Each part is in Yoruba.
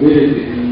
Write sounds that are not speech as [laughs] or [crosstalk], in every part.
ìbéèrè tèmi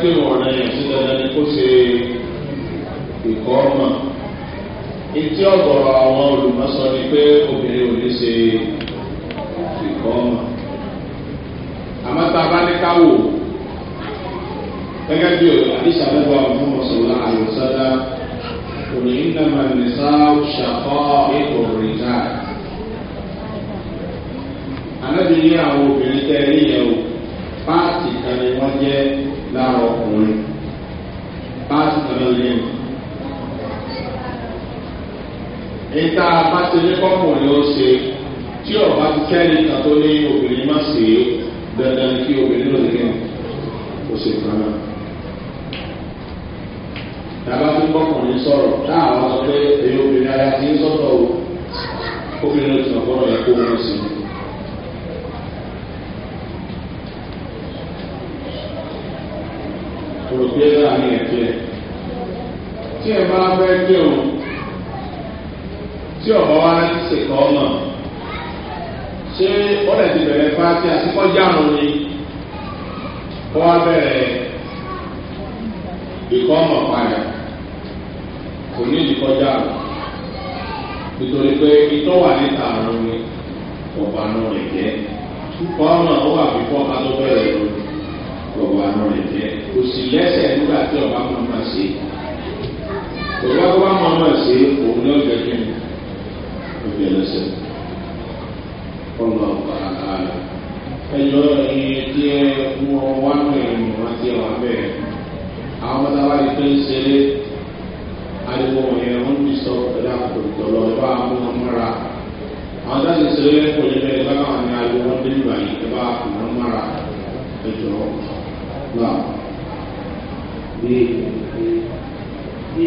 pé ọ̀nà yẹn sí dandan ni kó ṣe ìkọ́ ọmọ etí ọ̀gọ̀rọ̀ àwọn olùmọ̀sọ ni pé obìnrin ò ní ṣe ìkọ́ ọmọ àmọ́ tá a bá ní káwò gẹ́gẹ́ bí àdìsá lẹ́gbọ́ àwọn ọmọ sọ̀rọ̀ àlùsọ́dá òní nàmà nìsá ṣàkọ́ ètò òrìṣà anábìyí àwọn obìnrin tẹ́ ẹ̀rí yẹn o páàtì kan ni wọ́n jẹ́ lára ọkùnrin báàsì tọ́lá lẹ́yìn. ìta bá ti ní kọ́kùnrin ó ṣe tí ọba ti kẹ́rin kan tó ní obìnrin má ṣe é dandan ni kí obìnrin lòdì kí ó ṣe kan náà. Tàbá fi kọ́kùnrin sọ̀rọ̀ táà wá sọ pé èyí obìnrin ara ti ń sọ̀tọ̀ o obìnrin lòdì kan fọ́nà ẹ̀kọ́ wọn sí i. kò gbé láàrin ẹ̀jẹ̀ tí ẹ bá fẹ́ jẹun tí ọ̀bọ̀ wa ti ṣèkọ́ ọmọ ṣé ọ̀rẹ́ ti bẹ̀rẹ̀ bá tí a ti kọ́ jáàmù ni kọ́ wa bẹ̀rẹ̀ ìkọ́ ọmọ padà kò ní ìdíkọ́ jáàmù nítorí pé itọ́ wà níta àrùn ni ọ̀bànú rẹ̀ jẹ́ kọ́ ọmọ ó wà fífọ́ ká tó bẹ̀rẹ̀ lórí lọ́wọ́ àánú rẹ̀ jẹ́ kò sì lẹ́sẹ̀ nígbà tí ọba máa máa ṣe ọba tó bá máa máa ṣe òun náà jẹ́ kí ni ó jẹ́ lẹ́sẹ̀ ọlọ́ ọba àlà ẹjọ́ ẹyin tí ẹ mú ọ wá náà ẹ̀yìn wọn ti wà bẹ́ẹ̀ àwọn ọmọdé wa ti pé ń ṣeré ariwo yẹn wọn ti sọ pẹ̀lú àkókò lọ ẹ bá wọn mọ́ra àwọn táyà ṣeré kò ní bẹ́ẹ̀ bá wà ní ariwo wọn dé nígbà yìí ẹ bá wọn mọ́ra ẹjọ́ ọ̀hún náà bí bí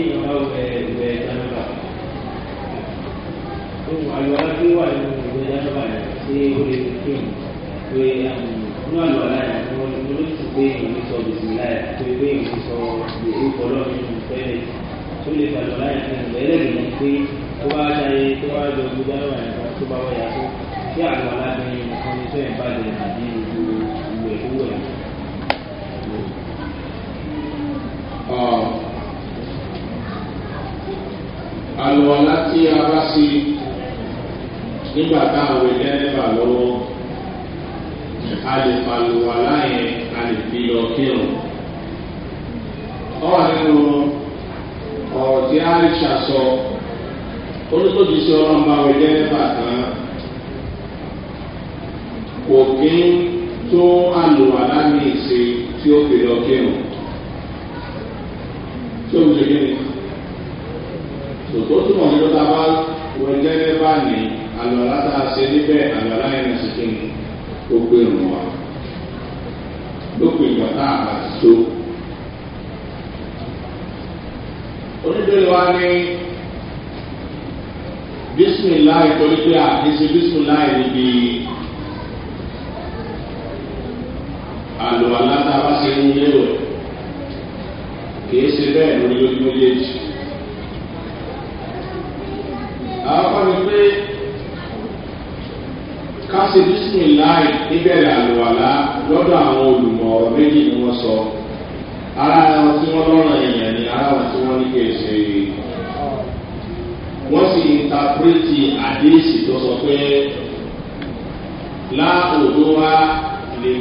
ìyọ̀nà ọ̀bẹ ìgbẹ́ ìdánilá ohun àlùwàlá tí wà nínú ìgbẹ́ ìdánilá yẹn ṣé ó lè fi kí pé nínú um, àlùwàlá yẹn ni wọ́n ló ti gbé ìyọ̀n ní sọ bìsì láyà pé gbé ìyọ̀n ní sọ ìlú kọlọ́ nínú fẹ́rẹ̀ tó lè fi àlùwàlá yẹn fún ìgbẹ́ ẹlẹ́gbẹ̀ẹ́ yẹn pé tó bá ṣayé tó bá jọ ìgbẹ́ ìdánilá yẹn tó bá wọ yàtọ̀ tí àlùwàlá ni nǹkan ní sọ alụwala ah. tí a bá ṣe nígbà táwọn ẹlẹ́dẹ́gbà lọ́wọ́ a lè pàlùwàlá yẹn a lè fi lọ kírun. ọ̀rọ̀ nínú ọ̀rọ̀ sọ olùtọ́jú sí ọlọ́run bá wẹ̀ lẹ́gbà kan kò kí tó àlùwàlá ní tí ó fi lọ tó ń segin ní. Sòtó túmọ̀ ní lọ́tà bá wọ ẹgbẹ́ bá ní àlọ́lá tá a ṣe níbẹ̀ àlọ́lá yẹn sì kí ni ó gbé rùn wá. Lópin ìgbà tá a ti tó. Onídìrí wa ní bísímìláì torí pé àkíyèsí bísímìláì níbi àlọ́lá tá a bá ṣe ń lérò. kìí ṣe bẹ́ẹ̀ lórí lórí méjèèjì. àwọn kan ní pé ká ṣe bísímìláì níbẹ̀rẹ̀ àlùwàlá àwọn olùmọ̀ sọ ara àwọn tí wọn lọ́rùn èèyàn ni ara àwọn tí wọ́n ní kìí wọ́n sì ń ta péréte àdéhìsì tó sọ pé láòdó wa lè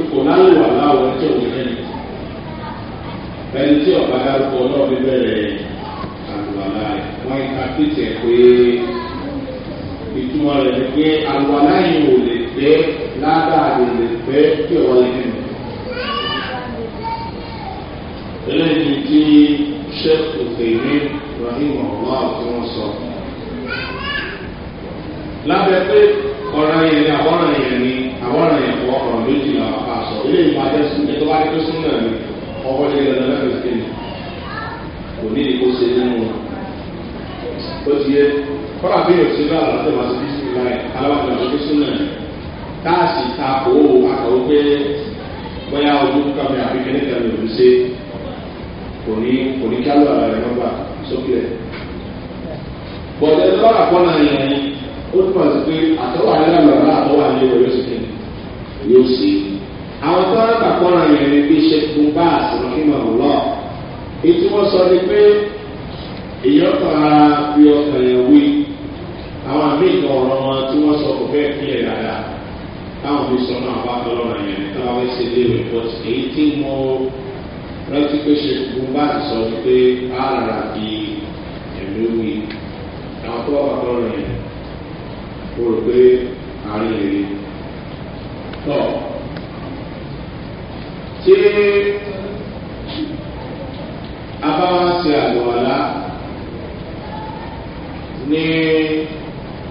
ipò láwùwà láwùwà tí òun rẹ̀ ẹni tí ọ̀gá dárúkọ náà fi bẹ̀rẹ̀ àlùwàlá rẹ̀ wọ́n ń ka pété pé ìtumọ̀ rẹ̀ ni pé àlùwàlá yìí ò lè pé ládàá rẹ̀ lè pé kí ọ̀wọ́ lè nínú. eléyìí tí sheikh òkèèrè rahim ọ̀gbọ́n àti wọn sọ. lábẹ́ pé ọ̀ràn yẹn ni àwọn ọ̀ràn yẹn ni àwọn ọ̀nà ìyàwó ọ̀rọ̀ méjì làwọn ká sọ ilé ìgbà jẹ́ sún ní tó bá dé sún náà ni ọkọ̀ ṣe lọ́dọ̀ lẹ́fẹ̀ẹ́ sí ni kò ní ìkó ṣe nínú wọn. ó ti yẹ kọ́ra bí èsì náà láti máa ṣe bísí láì alábàtà ló fi sún náà káàsì ta òwò àkàwé pé bóyá ojú kàmi àbí kẹ́nìkan ló fi ṣe kò ní kò ní kálọ̀ àrà rẹ̀ nọ́mbà sókè bọ̀dẹ̀ tó bá wà kọ́nà yẹn ó yóò ṣe. àwọn tó ń kàkọ́ra yẹn ni bí ṣẹ́gun bá àṣìwọ̀n kí mọ̀ lọ. ètò wọn sọ ni pé èèyàn kan ara fi ọkàn yẹn wí. àwọn àmì ìtàn ọ̀rọ̀ wọn tí wọ́n sọ kò fẹ́ẹ́ kílẹ̀ dáadáa. táwọn fi sọ náà bá kọ́lọ́rọ̀ yẹn ní káwọn fẹ́ ṣe lé report èyí tí mo rántí pé ṣẹ́gun bá àṣìwọ̀n ni pé á rà bí ẹ̀mí wí. àwọn tó wà kọ́lọ́rọ̀ yẹn mo rò pé àárín ìrìn tọ̀ tí a bá wá ṣe àlùwàlá ní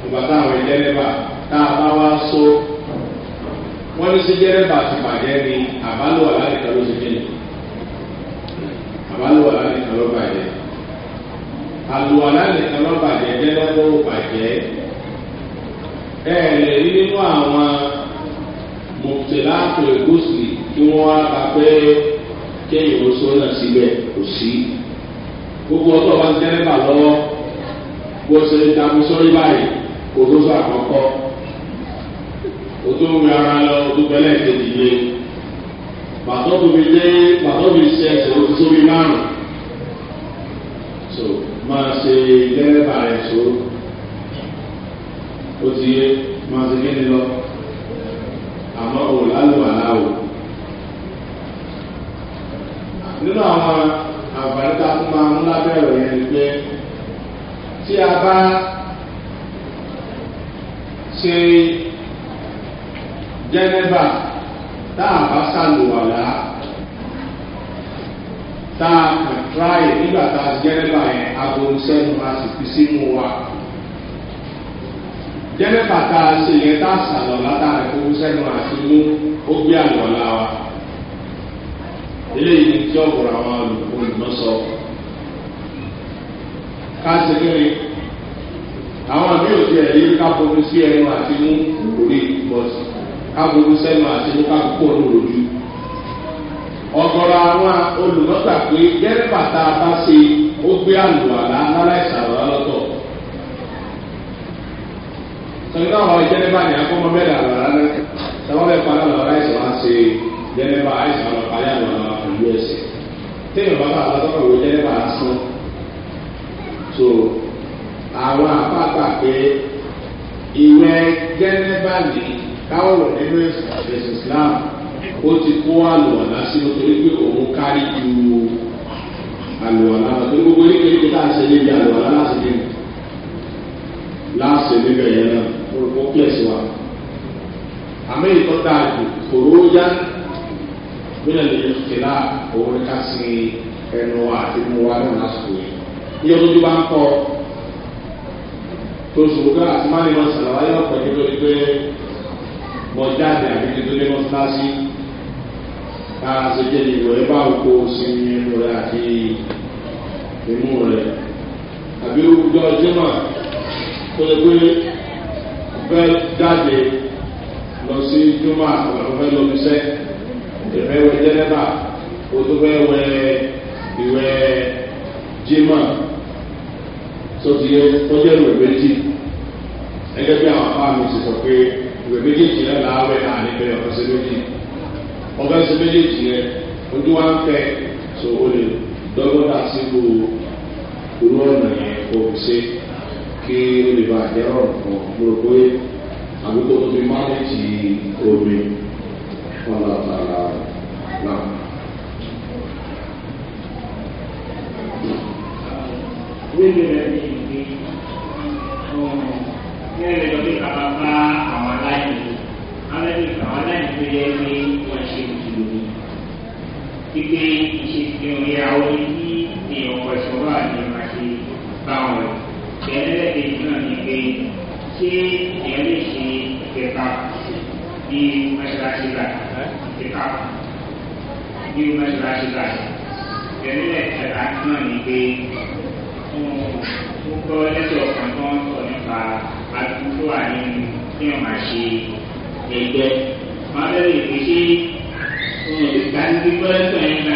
ìgbà táwọn ẹlẹ́lẹ́bà tá a bá wá so wọ́n ní sí jẹ́rẹ́bà ti bàjẹ́ ni àbálùwàlá nìkan ló ti dé àbálùwàlá nìkan ló bàjẹ́ àlùwàlá nìkan ló bàjẹ́ jẹ́rẹ́bà ó bàjẹ́ ẹ̀ nínú àwọn mọ̀tẹ́lá àpèrè gòsì kí wọ́n á bá pé kéèyàn ó sọ́nà síbẹ̀ kò sí. gbogbo ọtọ́ bá ń dẹ́rẹ́bà lọ́wọ́ bó ṣe ń dàbí sọ́rí báyìí kò tó sọ àkọ́kọ́ o tó ń ara lọ o tó bẹ́lẹ̀ kejì lé pàtó tó fi dé pàtó fi ṣe ẹsẹ̀ o ti sóbi márùn-ún so máa ṣe dẹ́rẹ́bà rẹ̀ so ó ti yé máa ṣe kéde lọ àmọ́ ò nínú àwọn àǹfààní a fún máa ń lábẹ́rẹ̀ yẹn ni pé tí a bá ṣe jẹ́nẹ́bà tá a bá ṣàlùwàlá tá a kàn tíráyè nígbà tá a ṣe jẹ́nẹ́bà yẹn aago sẹ́nu a sì fi sínú wa jẹ́lẹ́ bàtà ṣe yẹn tá a sàlọ̀ látàrí kó sẹ́nu àti mú ó gbé àlọ́lá wa eléyìí ni tí ọ̀bùrọ̀ àwọn olùmọ̀sọ káàtì kiri àwọn àmì òtí ẹ̀ yí káboru sí ẹnu àti mú lórí bọ́sì káboru sẹ́nu àti mú kákó lójú ọ̀gọ̀rọ̀ àwọn olùmọ̀gbà pé jẹ́lẹ́ bàtà bá ṣe ó gbé àlọ́lá láláìsàn. sọ̀rọ̀ náà wọ́n jẹ́nẹ́bà ní akọ́mọ mẹ́ta lọ́la náà sọ́wọ́n bẹ́ẹ̀ padà lọ́la ẹ̀sìn wá sí jẹ́nẹ́bà ẹ̀sìn wọn parí àwọn ọ̀la pẹ̀lú ẹ̀sìn téèyàn bá bá àtọ́kọ̀ ìwé jẹ́nẹ́bà asán so àwọn apáta pé ìwé jẹ́nẹ́bà ní káwọn nínú ẹ̀sìn islam ó ti kó àlùwọ̀lá sí nítorí pé òun kárí ju àlùwọ̀lá nítorí gbogbo oríkèéríkèé láti ṣe níbi àlùwọ̀lá láti ṣe níbẹ̀ yẹn náà olùkọ́ kílẹ̀sì wa àmì ìtọ́ dáa jù kòró yá mílíọ̀nù lè fi lá òun ká sí ẹnu wa àti mú wa náà lásìkò yìí iye tó ti bá ń kọ́ tó sùn ká àti má lè máa sàlàwá yọ pẹ̀lú lórí pé mo jáde àbí tuntun lé mọ́sálásí ká sojẹ́ ní ìwé bá òkú sí inú rẹ̀ àti imú rẹ̀ àbí ojú ọjọ́ náà tó lè pé fẹ́ jáde lọ sí júmọ̀ àtàwọn fẹ́ lọ́bi sẹ́ ìfẹ́ wẹ jẹ́nẹ́bà o tó fẹ́ wẹ ìwẹ́ jimá sọtì yẹ kọjá ìwé méjì ẹgbẹ́ bí àwọn afá mi ti sọ pé ìwé méjèèjì náà láwẹ̀ láàrin bẹ́ẹ̀ ọ̀fẹ́sẹ̀ méjì ọ̀fẹ́sẹ̀ méjèèjì yẹ ojú wa ń fẹ́ so o lè dọ́gbọ́dà síbu irú ọ̀nà yẹn kò ṣe kí ó lè bá àjẹ́ ọ̀rọ̀ fún ọ mo rò pé àdúgbò tó fi mánéjì omi wọn lọ tààrà náà. Wíwí rẹ̀ ní ìgbé ní ẹ̀rẹ́ lọ sí bàbá bá àwọn aláìní. Alẹ́bí àwọn aláìní tó yẹ pé wọ́n ṣe ìdìbò. Gbígbé ìṣèṣin orí àwọn orí ní èèyàn ọ̀ṣọ́ wà ní màṣẹ báwọn. Si èèyàn lè ṣe ìtẹ̀ka bí mọ́ṣáláṣí gbà ìtẹ̀ka bí mọ́ṣáláṣí gbà ìtẹ̀lélẹ̀ untuk náà ni pé mo gbọ́ lẹ́sọ̀ kan tó ń sọ nípa àdúgbò àyẹ̀mú kí wọ́n máa ṣe ẹgbẹ́ máa bẹ̀rẹ̀ ìpèsè ohun ìgbà ní gbọ́dọ̀ ẹ̀ka ẹ̀kọ́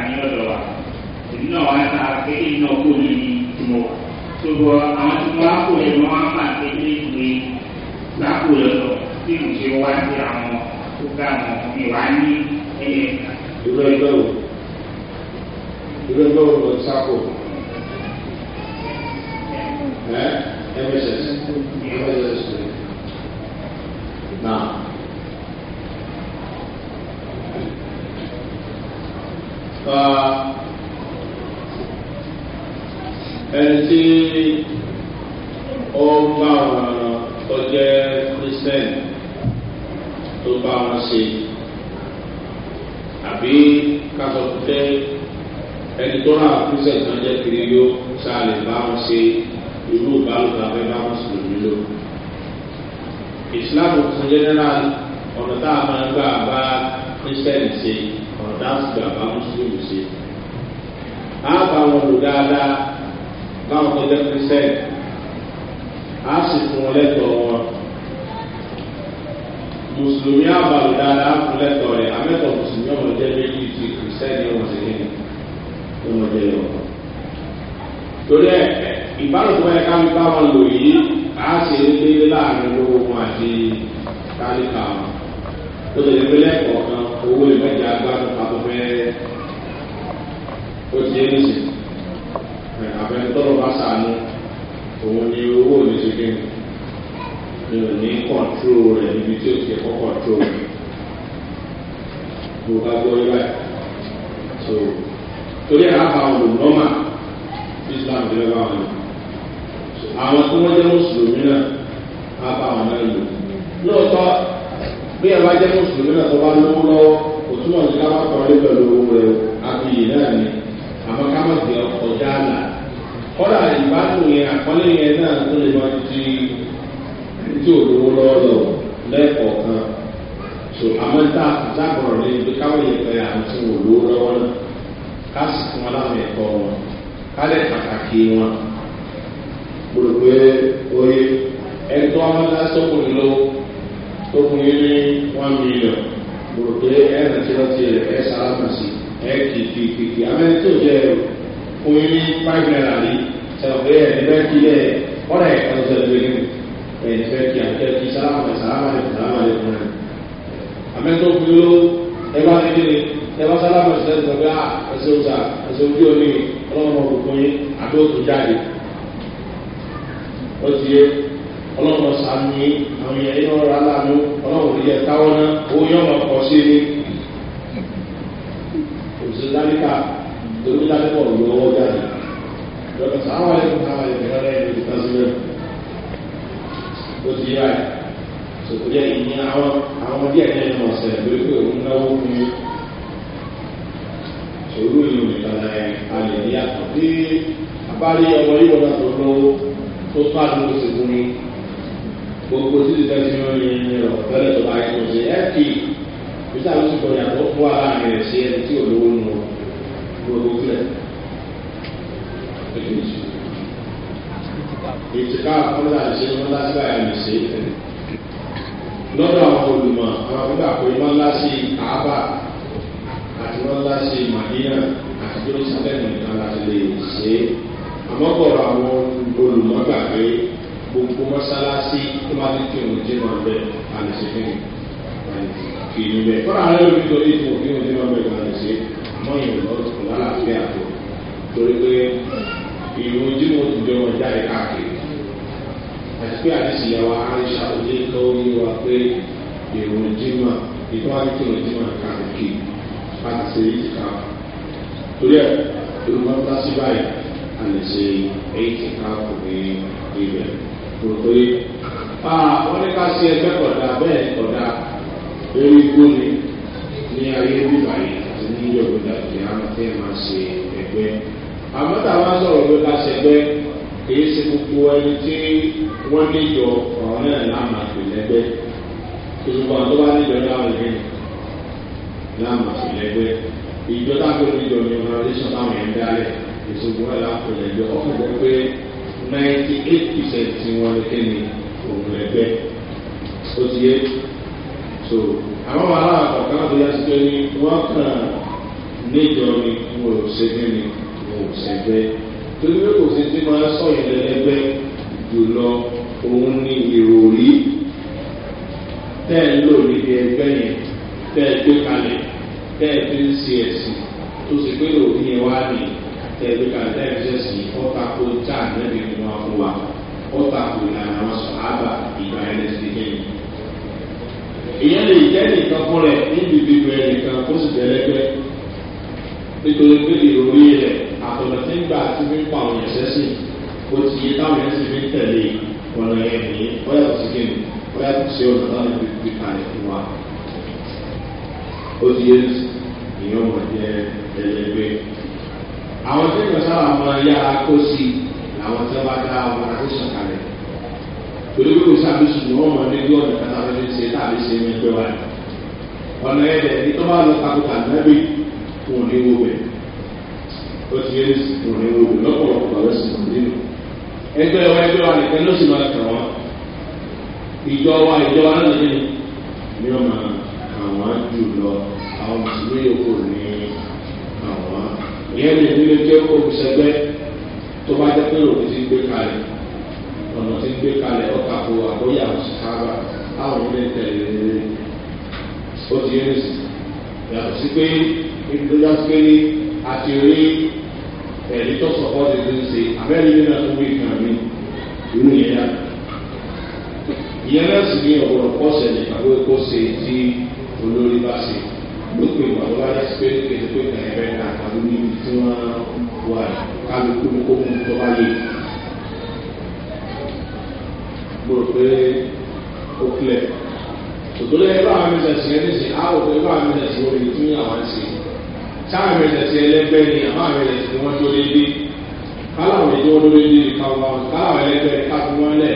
àníyàn ṣùgbọ́n àwọn tí wọ́n kó lè wọ́n máa ṣe ní ìwé lápò lọ́dọ̀ tí mo ṣe wá sí àwọn tó ká àwọn mi wá ní ẹ̀yẹ. ìwé ẹgbẹ́ ìwé ẹgbẹ́ lọ sápò ẹ Uh ẹni tí ó bá wọn tó jẹ́ christian tó bá wọn ṣe àbí kásọ̀ pé ẹni tó rà christian náà jẹ́ kiri yóò ṣáà lè bá wọn ṣe irú ìbálòpọ̀ abẹ́ bá wọn sùn nílò. ìsìláàmù tuntun general ọ̀nà tá a máa gbà bá kírísítẹ́nì ṣe ọ̀nà tá a sì gbà bá mùsùlùmí ṣe. a wọn lò dáadáa láwọn tó jẹ́ kristian á sì fún wọn lẹ́tọ̀ọ́ wọn mùsùlùmí àbàlù dáadáa fún lẹ́tọ̀ọ́ rẹ̀ amẹ́tọ̀ mùsùlùmí ọmọ jẹ́ méjì ti kristian ní wọn sí ní ọmọ jẹ́ yọ. torí ẹ ìbálòpọ̀ ẹ̀ka mi bá wọn lò yìí á sì ń gbé láàrin owó wọn àti kálíkà wọn ó lè gbé lẹ́kọ̀ọ́ kan owó ìgbẹ́jà agbára pàtó fẹ́ẹ́ ó ti yé nísìnyí àfẹnitọ́lọ́ bá sànú òun ni owó oníṣègbè mi ò ní kọ̀ǹtró rẹ̀ níbi tí ó ti kọ́ kọ̀ǹtró rẹ̀ mo bá gbọ́ yíwá ẹ̀ so torí àbá ọ̀dùn nọ́mà islam ti lọ́wọ́ àwọn ọ̀dùn àwọn tí wọ́n jẹ́ mùsùlùmí náà àbá àwọn náà lò lóòótọ́ bí ẹ bá jẹ́ mùsùlùmí náà tó bá lówó lọ́wọ́ òtún ọ̀dùn ká bá kọ́ ọ́ lé pẹ̀lú owó rẹ̀ àbíyè náà ni àmọ́ ká má gbé ọkọ̀ dáàlà kọ́dà ìbádùn yẹn àkọ́lé yẹn náà tó lè máa di tí olówó lọ́wọ́ lẹ́kọ̀ọ́ kan so àmọ́ tá àtàkùrọ̀ lé ibi káwọn yẹn pẹ́ àwọn tí wọn olówó lọ́wọ́ náà ká sì fún wọn láwọn ẹ̀kọ́ wọn ká lẹ̀ pàtàkì wọn gbogbo oye ẹ̀tọ́ amọ́lásọ́kùnrin lọ́wọ́ tó fún yín ní one million gbogbo ẹ̀rìn tí wọ́n ti rẹ̀ ẹ̀ sálámà sí i ẹ̀ẹ́dì kìkìkì amẹ́ni tó oyin ní five rí sọ̀rọ̀ ẹ̀ ní bẹ́ẹ̀ kí ẹ̀ ọ̀rẹ́ ẹ̀ kan ní ẹ̀ ní kí àjẹ́ kí sálámà sálámà lè sálámà lè fún ẹ̀. amẹ́ni fi ló ẹ bá ti dé ẹ bá sálámà sọ̀rọ̀ ẹ̀ ẹ̀sẹ̀ òsà ẹ̀sẹ̀ ojú omi ọlọ́run ọkùnkùn yín òtún jáde. ó ti yẹ ọlọ́run sàmì sí láríkà torí ládẹ́kọ̀ ló wọ́ jáde lọ́dọ̀ sáwọn ẹ̀kọ́ sáwọn ẹ̀kọ́ rẹ̀ ní ìtàsílẹ̀ ó ti yá ẹ̀ sòkò jẹ́ ìní àwọn àwọn díẹ̀ náà ní ọ̀sẹ̀ lórí pé òun náwó fún mi sòrò ìlú ìtàlá ẹ̀ alẹ̀ ní àtọ̀ tí abárí ọmọ yíwọ́n náà tó lọ́wọ́ tó tó àdúgbò sí fún mi gbogbo títí tẹ́sí wọn ní ọ̀tẹ́lẹ̀ tó bá yẹ kó ṣe ẹ́ kì í nígbà tó ti gbọdọ̀ tó fún ara rẹ̀ sí ẹni tí olówó nù gbogbo kílẹ̀. ìtìká ọ̀dà ṣe wọn lásìkò àyàmì sí lọ́dọ̀ àwọn olùmọ̀ àwọn àgbà pé wọ́n lá sí àábà àti wọ́n lá sí màdínà àti jọ́sílẹ̀mù nìkan láti lè ṣe é àmọ́ bọ̀rọ̀ àwọn olùmọ̀ gbà pé gbogbo mọ́sálásí tó bá ti kírun jìnnà bẹ́ẹ̀ àlùsíkìrì kì í bẹ́ẹ̀ fọ́nà ààrẹ ló ń sọ ní ìfún òfin òfin ọgbẹ́ kan lè ṣe mọ́yìn lọ́sùn lálàáfíà tó torí pé ìrùn tí mo ti jọmọ jáde káàkiri àti pé àdìsí ìyàwó àríṣà òjì kan ó yí wa pé ìrùn jimá ìtọ́ àti ìrùn jimá káàkiri láti ṣe ìtìká torí ẹ̀ olùmọ̀tà sí báyìí a lè ṣe ìtìká kò ní ibẹ̀ kò pé ah, wọ́n ní ká ṣe ẹgbẹ́ kọ̀dà bẹ́ẹ̀ kọ̀dà eré igbó ni ní ayé bíbá yìí àti ní ìjọ gbọdọ àti àwọn tí ẹ máa ṣe ẹgbẹ àmọ́ tá a bá sọ̀rọ̀ pé ká ṣẹgbẹ́ kìí ṣe gbogbo ẹni tí wọ́n níjọ ọ̀rọ̀ náà láàmà pè lẹ́gbẹ́ ìṣùgbọ́n tó bá níjọ láwọn ìlú láàmà pè lẹ́gbẹ́ ìjọ táwọn níjọ ní organisation táwọn yẹn ń dálẹ̀ ìṣùgbọ́n ẹ̀ láàpè lẹ́gbẹ́ ọkàn jẹ́ pé ninety eight percent wọn ni kéde òun lẹ́gbẹ́ ó ti yẹ so àwọn wàhálà àkọ́kọ́ àti yá sípé ní wọ́n kàn níjọ ni mo ò ṣe fẹ́ ni mo ò ṣe fẹ́ torí pé kò sí tí máa sọ ìlẹ́lẹ́gbẹ́ jùlọ òun ni ìròrí tẹ́ ẹ lò níbi ẹgbẹ́ yẹn tẹ́ ẹ gbé kalẹ̀ tẹ́ ẹ fi ń ṣe ẹ̀sìn tó sì pé òun yẹn wá ní tẹ́ ẹ gbé kalẹ̀ tẹ́ ẹ fi ṣe ẹ̀sìn ọ̀tà kó já nẹ́bí ni wọ́n fún wa ọ̀tà kò ìlànà àwọn sọ̀hábà ìgbà ẹ̀ẹ́dẹ́sì kẹ́yìn ìyẹn lè jẹ́ nìkan fún rẹ̀ níbi gbígbẹ nìkan kó sì bẹ̀rẹ̀ gbẹ nítorí pé ìròyìn rẹ̀ àtọ̀nà tí ń gbà tí fi ń pa àwọn ẹ̀sẹ̀ sí bó ti yé táwọn ẹ̀sìn fi ń tẹ̀lé ọ̀nà ẹ̀ nìyẹn bóyá kò sí kéwì bóyá kò sí ọ̀nà táwọn ẹ̀sìn fi kalẹ̀ fún wa ó ti yé ìyẹn ọmọ jẹ ẹlẹgbẹ́ àwọn tí ìgbà sábà máa yára kó sí àwọn tí wọ́n bá dá ọmọ àkóso kalẹ̀ torí pé kò sábì sùn wọn mọ níbi ọ̀nà kata fi ṣe tàbí ṣe ní ẹgbẹ́ wa ni ọ̀nà yẹn dẹ̀ ní tọ́ba lọ kakó kànáàbì wọn ní wo bẹ̀ ó ti yẹ wọn ní wo bẹ̀ lọ́pọ̀lọpọ̀ lọ́wọ́ sí wọn nínú ẹgbẹ́ wa ẹgbẹ́ wa nìkan ló sì máa kàn wọ́n ìjọ wa ìjọ wa náà nìyẹn ni wọ́n máa kàn wọ́n jù lọ àwọn mùsùlùmí yòókù ní àwọn ìyẹn ní ìdílé jẹ́ kó o ọ̀nà tí ń gbé kalẹ̀ ọkà kó àbóyá òṣìṣàbà àwọn ilé tẹ̀lé ó ti yẹn sí yàtọ̀ sí pé ìdílé pé a ti rí ẹ̀rí tó sọ̀kọ́ ti ti ń ṣe abẹ́rẹ́ ilé náà tó wí kàn mí irú yẹn yá ìyẹn náà sì ní ọ̀pọ̀lọpọ̀ pọ̀ sẹ̀lẹ̀ àbó epo ṣe tí olórí bá ṣe lópin ìgbà tó bá yẹsí pé kéde pé kàn ẹ̀ bẹ́ẹ̀ náà àbí níbi tí wọ́n wà kálukú kó mú tó bá yẹ gbòòrò pé ó kílẹ̀ òtún lẹ́yìn bá àwọn mẹ́tẹ̀ẹ̀sì ẹni sìn á wò pé bá àwọn mẹ́tẹ̀ẹ̀sì orí tí àwọn ti sáà mẹ́tẹ̀ẹ̀sì ẹlẹ́gbẹ́ ni àbá mẹ́tẹ̀ẹ̀sì ni wọ́n tó dédé káláwọn èdè wọn lórí ní ìkàwọn káláwọn ẹlẹ́gbẹ́ káfí wọn lẹ̀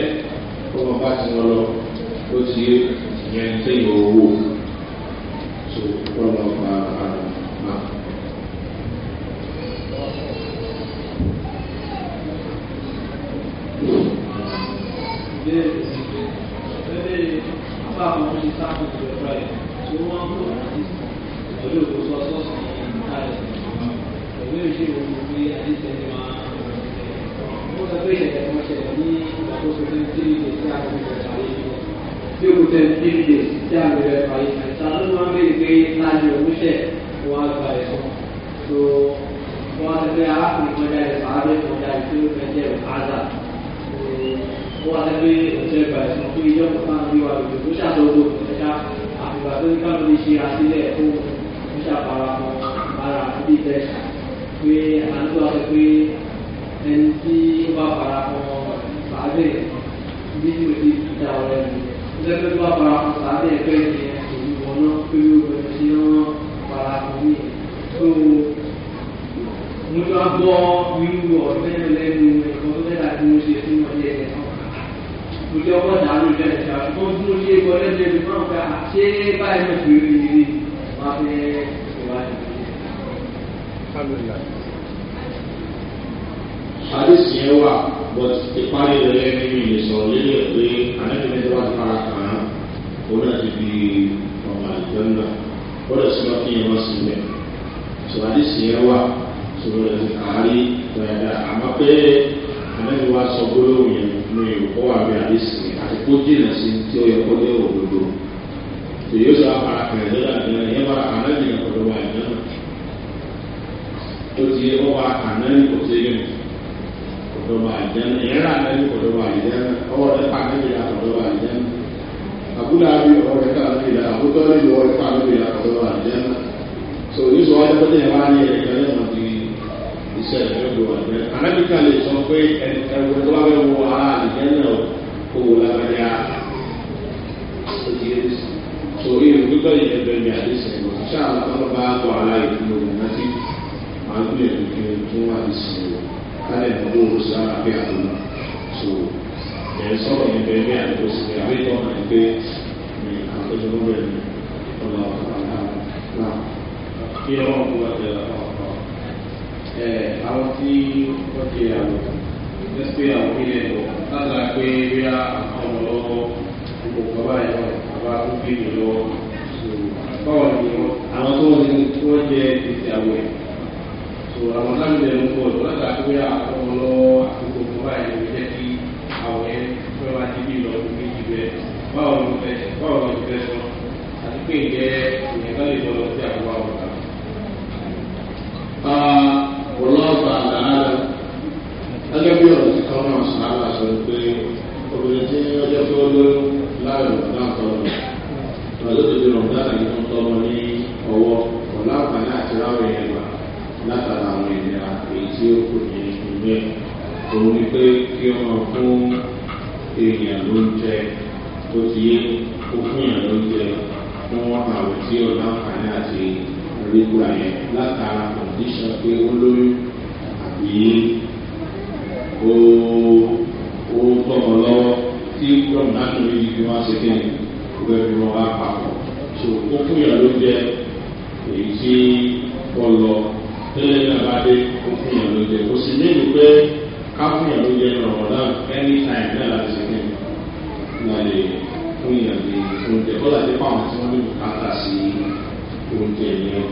kó wọn bá ti wọn lọ ó ti yẹ ìyẹn tẹ́yìn owó tó wọ́n lọ pa bá àwọn ọmọ yìí tó ẹ̀rọ ẹ̀ tí wọ́n mú àti pẹ̀lú òkúsọ sọ́ọ̀sì ìta ẹ̀ pẹ̀lú ìṣe òkú pé àdìsẹ́ni máa ó sọ pé ìṣẹ̀lẹ̀ kan ṣẹlẹ̀ ní ìgbàkóso ní three days tí a fi bẹ̀rẹ̀ ayé bí o tẹ̀ three days tí a bẹ̀rẹ̀ ayé àìsàn ló máa ń béèrè pé láàyè òmùṣẹ̀ wọn á gba ẹ̀sọ́ tó wọ́n á sọ pé arákùnrin kan jáde sàábẹ̀ kan jáde tó fẹ́ jẹ́ ọ̀hánà wọ́n wá sẹ́gbẹ́ ọ̀sẹ̀ ìgbà ìsìn fún ilé ọ̀pọ̀ náà bí wà lójú ó ṣàtọ́gbò ẹ̀ka àgbà tó ní káàdùn lè ṣe àtìlẹ̀ fún ìṣàparapọ̀ ara àti ìtẹ̀ṣà pé àdúgbò àti pé ẹni tí ó bá parapọ̀ sàádẹ̀ bí mo ti dá ọ̀rẹ́ mi lẹ́gbẹ́ tó bá parapọ̀ sàádẹ̀ ẹgbẹ́ mi èyí wọn náà pé ó bẹ̀rẹ̀ sí wọn parapọ̀ mi tó mo tó gbọ́ irú ọ̀rẹ́ lẹ́nu ẹ̀kọ́ tó dẹ́ta tí mo ṣe fún ọ̀yẹ́ ẹ̀kọ́ ìjọ wọn dànù lẹ́sẹ̀ àtúntò dúró lé ẹgbẹ́ lẹ́sẹ̀ ní wọn fẹ́ ṣé báyìí ló fi rí rí wọn fẹ́ ìwádìí. àdìsí yẹn wà but ìparí rẹ̀ lẹ́nu mi lè sọ lélẹ̀ pé àlẹ́kùnrin tó wà ní fara kàn án òun náà ti fi ọmọ àìjọ náà ó lè sọ kí yẹn wọ́n sí mẹ́. sọ àdìsí yẹn wà sọ àmẹ́lì wa sọ gbólóhùn yẹn nínú ìrùkọ́ wà bí àdéhùn àti kó jìnà sí tí ó yẹ kó lé òdodo èyí ó sọ apara kẹrẹ lọ́dà náà yẹn bá ànájì náà kọ̀dọ̀ wà ìná náà ó ti yẹ kó wà ànájì kò tó yẹ kọ̀dọ̀ wà ìná náà yẹn rà ànájì kọ̀dọ̀ wà ìná náà ọwọ́ rẹ̀ pa ànájì náà kọ̀dọ̀ wà ìná àbúlé àbí ọwọ́ rẹ̀ ká ànájì náà àbútọ́ nílùú ọwọ́ rẹ̀ pa ànájì náà kọ̀dọ̀ wà ìná náà tẹ̀ lọ́dọ̀ àjẹ́ anábìkà lè sọ pé ẹ̀wọ̀ tó bá fẹ́ wọ ara àdìjẹ́ náà kò wò lábẹ́yà òjì sórí ìrúkọ́ yìí ẹgbẹ́ mi àdìsẹ̀ lọ ṣá àwọn bá wà láì fún òun láti máa ń gbìyànjú kí n tún wà ní sí i kálẹ̀ ìdúró oṣù so ẹ̀ sọ̀rọ̀ ìbẹ̀ mi àdìgbò sí i àbí tọ́ àti pé mi àkójọ lọ́wọ́ ẹ̀ mi ọ̀la ọ̀la náà kí ẹ wọ́n àwọn tí wọ́n ti àwọ̀ lẹ́sẹ̀ àwọn ilẹ̀ lára pé bí a àwọn ọ̀rọ̀ gbogbo bàbá ẹ̀rọ bàbá tó gbé mi lọ báwo ni àwọn tó wọ́n ti wọ́n jẹ èsì àwọ̀ ẹ̀ tó àwọn sáà ń bẹ̀ ń pọ̀ lára pé àwọn ọ̀rọ̀ àkókò bàbá ẹ̀rọ jẹ́ kí àwọ̀ ẹ̀ fẹ́ wá sí bí lọ sí méjì bẹ́ẹ̀ báwo ni fẹ́ báwo ni fẹ́ sọ àti pé ìjẹ́ ìyẹn ká lè lọ sí àwọn àwọn ọ̀gá. Ah, àtàlà gẹ́gẹ́ bí ọ̀rọ̀ tí kọ́nà sàálà sọ pé obìnrin tí ọjọ́ tó lóyún láàrin ọ̀gá àtọ́nà ìrọ̀lẹ́ tó di rọ̀gá àti tó ń tọ́nà ní ọwọ́ ọ̀la àǹfààní àti ráwọ̀ yẹn gbà látara àwọn ìlera èyí tí ó kù ní ìgbẹ́ òun ni pé kí ọmọ fún èèyàn ló ń jẹ pé ó lóyún yìí ó ó tọmọ lọ́wọ́ tí rọ̀mù náà lórí yìí fi wọ́n ṣe kí ni ó fi wọ́n wá papọ̀ so ó fún yàrá ló jẹ èyí tí wọ́n lọ tẹ́lẹ̀ náà bá dé ó fún yàrá ló jẹ kò sì nílùú pé ká fún yàrá ló jẹ rọ̀mù náà anytime náà láti ṣe kí ni wọ́n lè fún yàrá lè oúnjẹ kọ́lá ti fáwọn tí wọ́n lè bùkátà sí oúnjẹ yẹn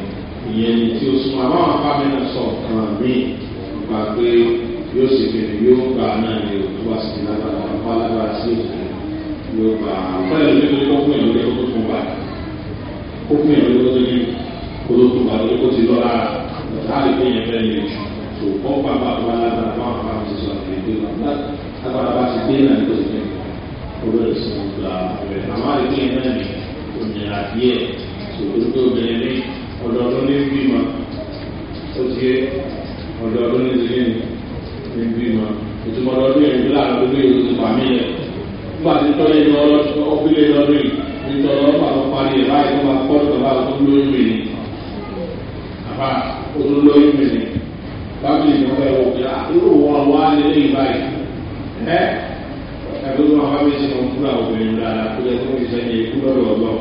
ìyẹn ni tí o sún àbáwọn afáfẹ́ náà sọ̀ kan míì nípa pé yóò ṣe kẹ́ni yóò gbà náà ní òkú àsìkò lágbára ọ̀pá lágbára sí yóò gbà pẹ́ẹ́lú nínú kókó ìlú ní kókó fún wa kókó ìlú ní kókó ní kókó fún wa lórí kó ti lọ lára lọ́tà á lè pé yẹn fẹ́ẹ́ yẹn tó kọ́ pàápàá tó wá lágbára fún àwọn àwọn àṣìṣe àgbègbè lágbára bá ti dé náà ní kókó ní kókó ní sùn gbà rẹ̀ àwọn ọ̀dọ̀ ọdún ní ìdílé ní ibi mọ̀ ìtumọ̀ ọdún yẹn ní láàrin gbogbo èrò ti pàmì yẹn nígbà tí tọ́lé ní ọgbílẹ̀ lọ́dún yìí ní tọ́lọ́ ọ̀pá tó parí ẹ̀ láì tó máa pọ́ọ̀tù bá tó ń lóyún mi ni àbá ó tó lóyún mi ni bábìlì ní ọgbà ẹ̀wọ̀ pé irú wọn wá ní ilé ìbáyìí ẹ ẹgbẹ́ tó máa bá mi ṣe wọn fúnra obìnrin dáadáa tó yẹ kó ìṣẹ́ ní ikú lọ́dọ̀ ọlọ́ọ̀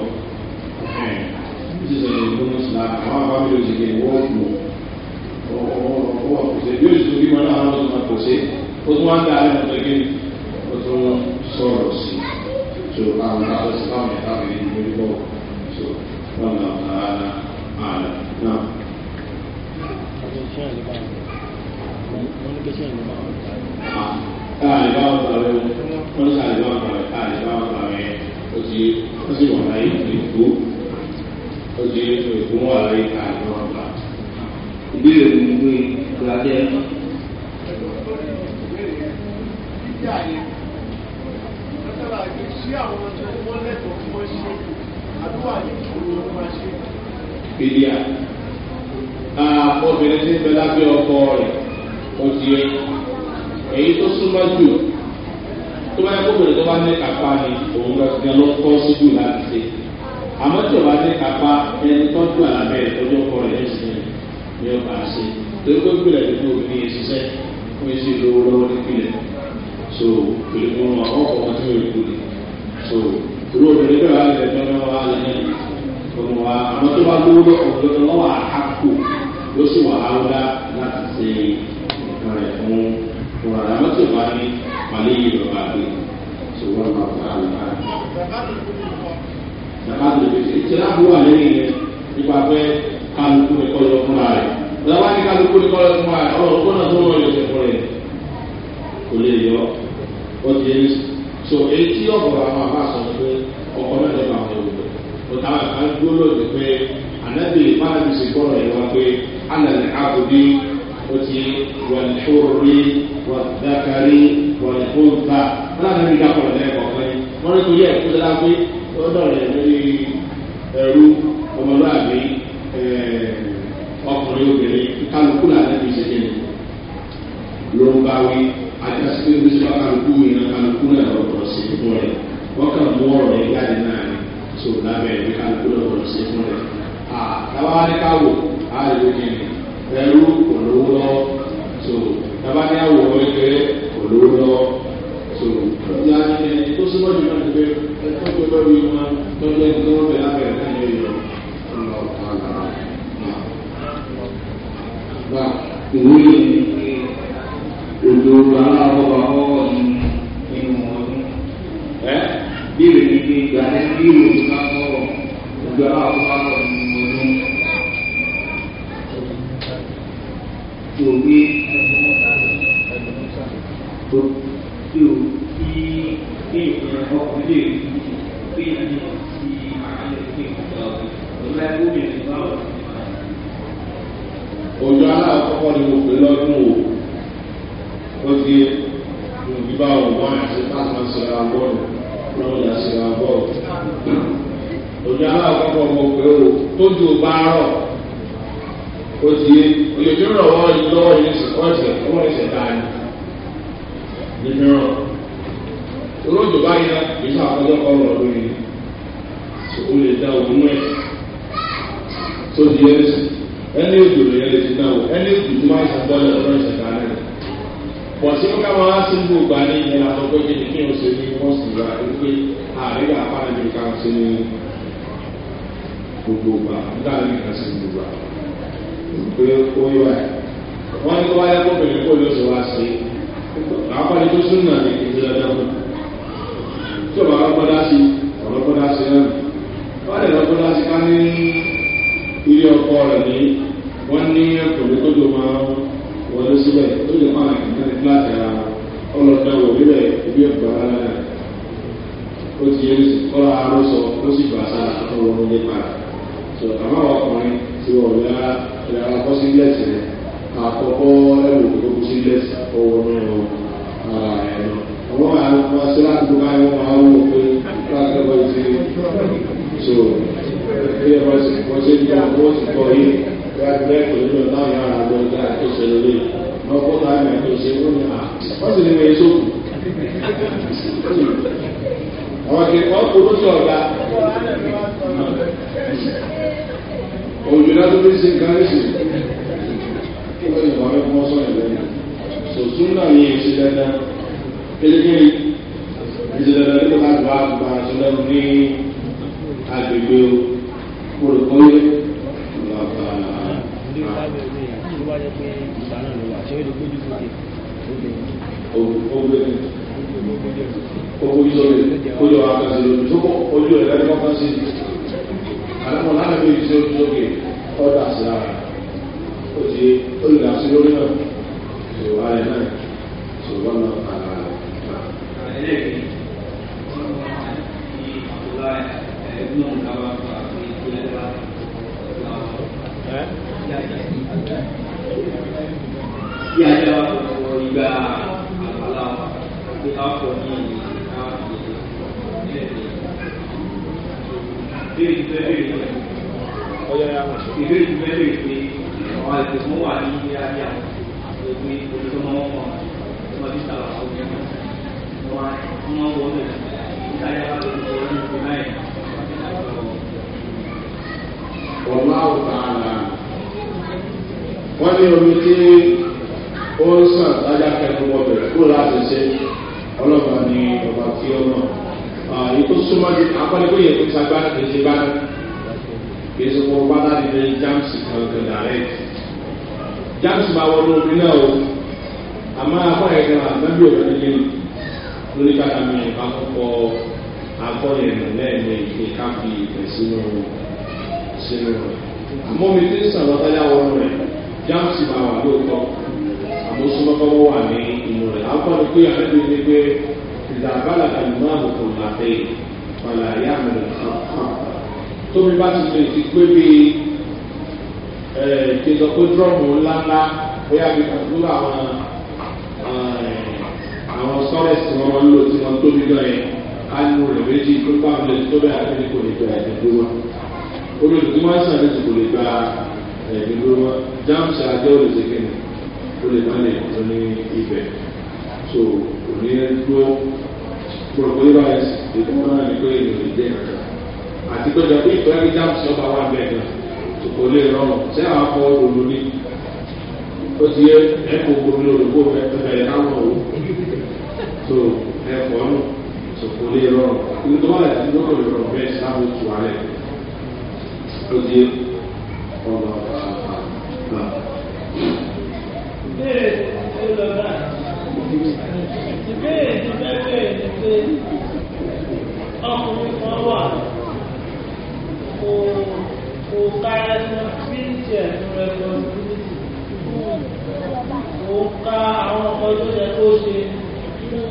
ọ̀pọ̀ àkùsẹ̀ yóò sì rí wọn láwọn ọ̀sùn àkùsẹ̀ ó tún wá ń dá àlẹ́ ọ̀sẹ̀ kí ó tún sọ̀rọ̀ sí so àwọn àkọsí báwọn ẹ̀ka mi ní ìlú bọ̀ so wọn là ààlà ààlà náà. Káàlì bá wọn kàwé wọn ní káàlì bá wọn kàwé káàlì bá wọn kàwé ó ti wà láyé ìgbó ó ti ìgbó wà láyé káàlì bá ìbéèrè mi ni pé ìgbà jẹ́ ìdíyà obìnrin tí ń bẹ lábẹ́ ọkọ rẹ̀ ó ti yẹ èyí tó súnmọ́ jù tó bá yẹ kó bèrè tó bá ní kápá ni òun bá ti lọ kọ́ síbù láti ṣe àmọ́ tí o bá ní kápá ẹni tó ń ìtọ́jú ọkọ rẹ̀ ń sìn ní ọba ṣe torí pé ìpìlẹ̀ ní kó ní ìṣiṣẹ́ fún iṣẹ́ ìlówó lọ́wọ́ nípìlẹ̀ so pẹ̀lú wọn àwọn ọkọ̀ wọn tí wọ́n rí so irú obìnrin bẹ́ẹ̀ wá lẹ̀ fẹ́ lọ́wọ́ wá lẹ́yìn ọmọ wa àwọn tó bá lówó lọ́kọ̀ tó lọ́wọ́ àkàkù ló sì wà áwúdá láti ṣe nǹkan rẹ̀ fún fún ara wọn tó bá ní pàlẹ́ yìí lọ́ba gbé so wọ́n máa fà á lọ́ba. Sàkàtúndì bìtì ìtìláàbù wà lẹ́yìn rẹ̀ nípa pé kálukú ní kọ́ lọ fúnra rẹ̀ lọ́wọ́ ní kálukú ní kọ́ lọ fúnra rẹ̀ ọ̀rọ̀ kó náà tó wọ́n lè ṣe fún rẹ̀ kò lè yọ ó ti yẹn so èyí tí ọ̀gọ̀rọ̀ àwọn àbá sọ pé ọkọ̀ náà lè máa wọ̀ lọ́wọ́ kò táwọn kan dúró lòdì pé ànábì ìfáàbì sì gbọ́ rẹ̀ wá pé alàlẹ́ àbòdì ó ti wà ní orí wà dákàrí wà ní kóńtà aláàbí dàpọ̀ lẹ́ẹ̀kọ̀ọ̀kan ni wọ́n ní torí ẹ̀ kó dára pé ó dọ̀rẹ̀ lórí ẹ̀rú ọmọlúwàbí kálukú là nẹ́bi ṣe jẹ́ ló ń bá wí ajásí pé bí sọ́kà kálukú yìí náà kálukú náà lọ́dọ̀ sí fún rẹ̀ wọ́n kàn mú ọ̀rọ̀ yẹn jáde náà ni so lábẹ́ ẹ̀ bí kálukú lọ́dọ̀ sí fún rẹ̀ àtàwọn aríkàwò àìlú ni ẹrú olówó lọ so tàbá ní àwò ẹgbẹ́ olówó so ìyá ni tó súnmọ́ jù náà ti pé ẹ̀kọ́ tó bẹ́ẹ̀ wí wọn tọ́jú ẹni tó wọ́n bẹ̀ lábẹ́ ẹ̀ náà yẹ ìrọ̀ gbà ìwé òjò àwọn ọba ọwọ́ nínú ọdún ẹ bíbélì ní kí ìgbà ní bí òjò máa ń bọ̀ àwọn ọba ọwọ́ nínú ọdún. Tòbí lọ́wọ́ yìí sí kọ́ọ̀tì ẹ̀kọ́ wọn ṣẹ̀ dáa ni ní olóòjò báyìí náà kì í sọ àkọ́jọ́ ọ̀rọ̀ lórí o lè dá òun ẹ̀ tó di ẹ̀ sí ẹni òjò lè yẹn lè ti náà ẹni òjò tó máa ń ẹ̀ lọ́wọ́ ìṣẹ̀ dáa náà pọ̀ sí ká máa sí gbogbo àní ìyẹn àtọ́gbẹ́ kí ni kí n ṣe ní fọ́ọ̀sì rà wípé àríwá apára ká ṣe ní gbogbo gbà ń dá àríwá gbogbo gbà wọ́n ní kó wáyé kó bèrè kó ló ti wá sí àwọn pàdé tó sún náà ní ìdí dandan mọ́ tí òun àlọ́kọ́dá sí ọ̀lọ́kọ́dá sí náà wọ́n lè lọ́kọ́dá sí ká ní ilé ọkọ rẹ̀ ní wọ́n ní ẹ̀kọ́ tó tó máa wọlé síbẹ̀ tó lè máa ìkànnì láti ara ọlọ́dọ̀wò níbẹ̀ ibi ẹ̀kọ́ rárá náà ó ti yẹ kọ́ra arọ́sọ ó sì gbà sára ọ̀rọ̀ nípa àmọ́ ọkùnrin ti wọ̀ wíwá àkọ́kọ́ ẹ̀rù tó kú sí lẹ́sì ọwọ́ náà ara ẹ̀ lọ. àwọn àwọn aṣọ́lá tó bá yọ máa ń wò pé látọ̀bọ̀ ti so bí ẹ bá sì kọ́ sí bí àwọn ọ̀sì kọ́ yìí láti lẹ́kọ̀ọ́ nínú táwọn yàrá àgbọ̀ ìgbà tó ṣẹlẹ̀ lé lọ́kọ́ táwọn yàrá tó ṣe wọ́n ní à wọ́n sì ní wọ́n yẹ sókù. àwọn akẹ́kọ̀ọ́ kò ló sọ̀ ọ̀gá òjò náà tó fi nǹkan kí wọ́n sọ̀rọ̀ lẹ́yìn sòtún náà ní èsì dandan kékeré èsì dandan nípa káàdì wà àgbà àti lẹ́nu ní agbègbè olùkọ́lé ọ̀làbà. Ogun sọ̀rọ̀ ojú àkàtà lòdì tó kọ́ ojú ẹ̀rọ ẹ̀kọ́ kan sí. Àlọ́ mọ̀ láti fi ìṣe ojú sókè ọ̀dà sí ara ó ti olùdásí lórí náà ṣe wá ẹ náà ṣe wọ́n náà ara rẹ̀. ẹlẹ́gbẹ̀ẹ́ wọ́n wá ní fún àfihàn àwọn ètò tó wà ní ilé ayé àwọn ìwé olùdókòwò wọn kọ tó máa fi sàlọ àwọn òbí wọn wọn máa ń wọ ọdún ìdájọ́ bá lórí ìwé orí ìwé náà yẹn. ọ̀la ọ̀tá ara wọ́n ní omi tí ó ń sàn lájà kẹ́kọ̀ọ́ wọn bẹ̀rẹ̀ kúrò láti ṣe ọlọ́ba ní ọba tí ó mọ̀ ètò súnmọ́ ní akọ́lẹ́kọ̀ọ́ yẹn tó ti agbára kejì bá kí n sọ fún ọba láti ní jáàmùsì kan kan dàrẹ́ẹ̀tì jáàmùsì máa wọnú omi náà o àmọ́ afọ́yẹ̀ kan àgbẹ̀bí òun nílé lórí kàkà mi ìbá kọ́kọ́ afọ́yẹ̀ nù lẹ́ẹ̀mejì káfí ìfẹ́ sínú sínú rẹ̀ àmọ́ mi ti sàn lọ́tọ́jà wọnú rẹ̀ jáàmùsì máa wà lóòótọ́ àmọ́ súnmọ́kọ́wọ́ wà ní inú rẹ̀ afọ́ni pé àbẹ́bí ni pé ìdàgbàlà kan náà kò kò láfẹ́ yìí ọ̀là ìyá mi rẹ̀ kọ́ tóbi bá ti lè ti gbé bíi. Eh, kí n sọ pé drọ́ọ̀mù ńláńlá bóyá bí kàtúrú àwọn eh, àwọn sọ́ọ̀rẹ́sì wọn máa ń lò tí wọ́n tóbi gan yẹn á nu rẹ̀ méjì tó bá mi lè tó bẹ́ẹ̀ àti kò lè gba ẹ̀mí dúró olùdókòwò tí wọ́n sàn ní kò lè gba ẹ̀mí dúró jáàmùsì àjọ olùsèkéyìn ó lè má lè tó ní ibẹ̀ so kò ní dúró pọ̀lọpọ̀ yóò bá yẹn sì ètò wọn náà ní pé ènìyàn lè dé àti pé ìjọba ìfẹ́ jáàmùsì ọba wà bẹ́ẹ̀ náà kò lè rọrùn tí àwọn afọ òdòdó ní ó ti yẹ ẹkọ omi olùkó bẹrẹ káwọn òwò tó ẹkọ ọnù tó kò lè rọrùn nítorí wọn àti lọrọ lè rọrùn bẹẹ sábò tù alẹ ó ti yẹ ọgbà ọgbà ọgbà. ìbéèrè ọkùnrin kan wà kó òǹkà responsibility ẹ̀ fún responsibility òǹkà àwọn ọmọ tó yẹ kó ṣe fún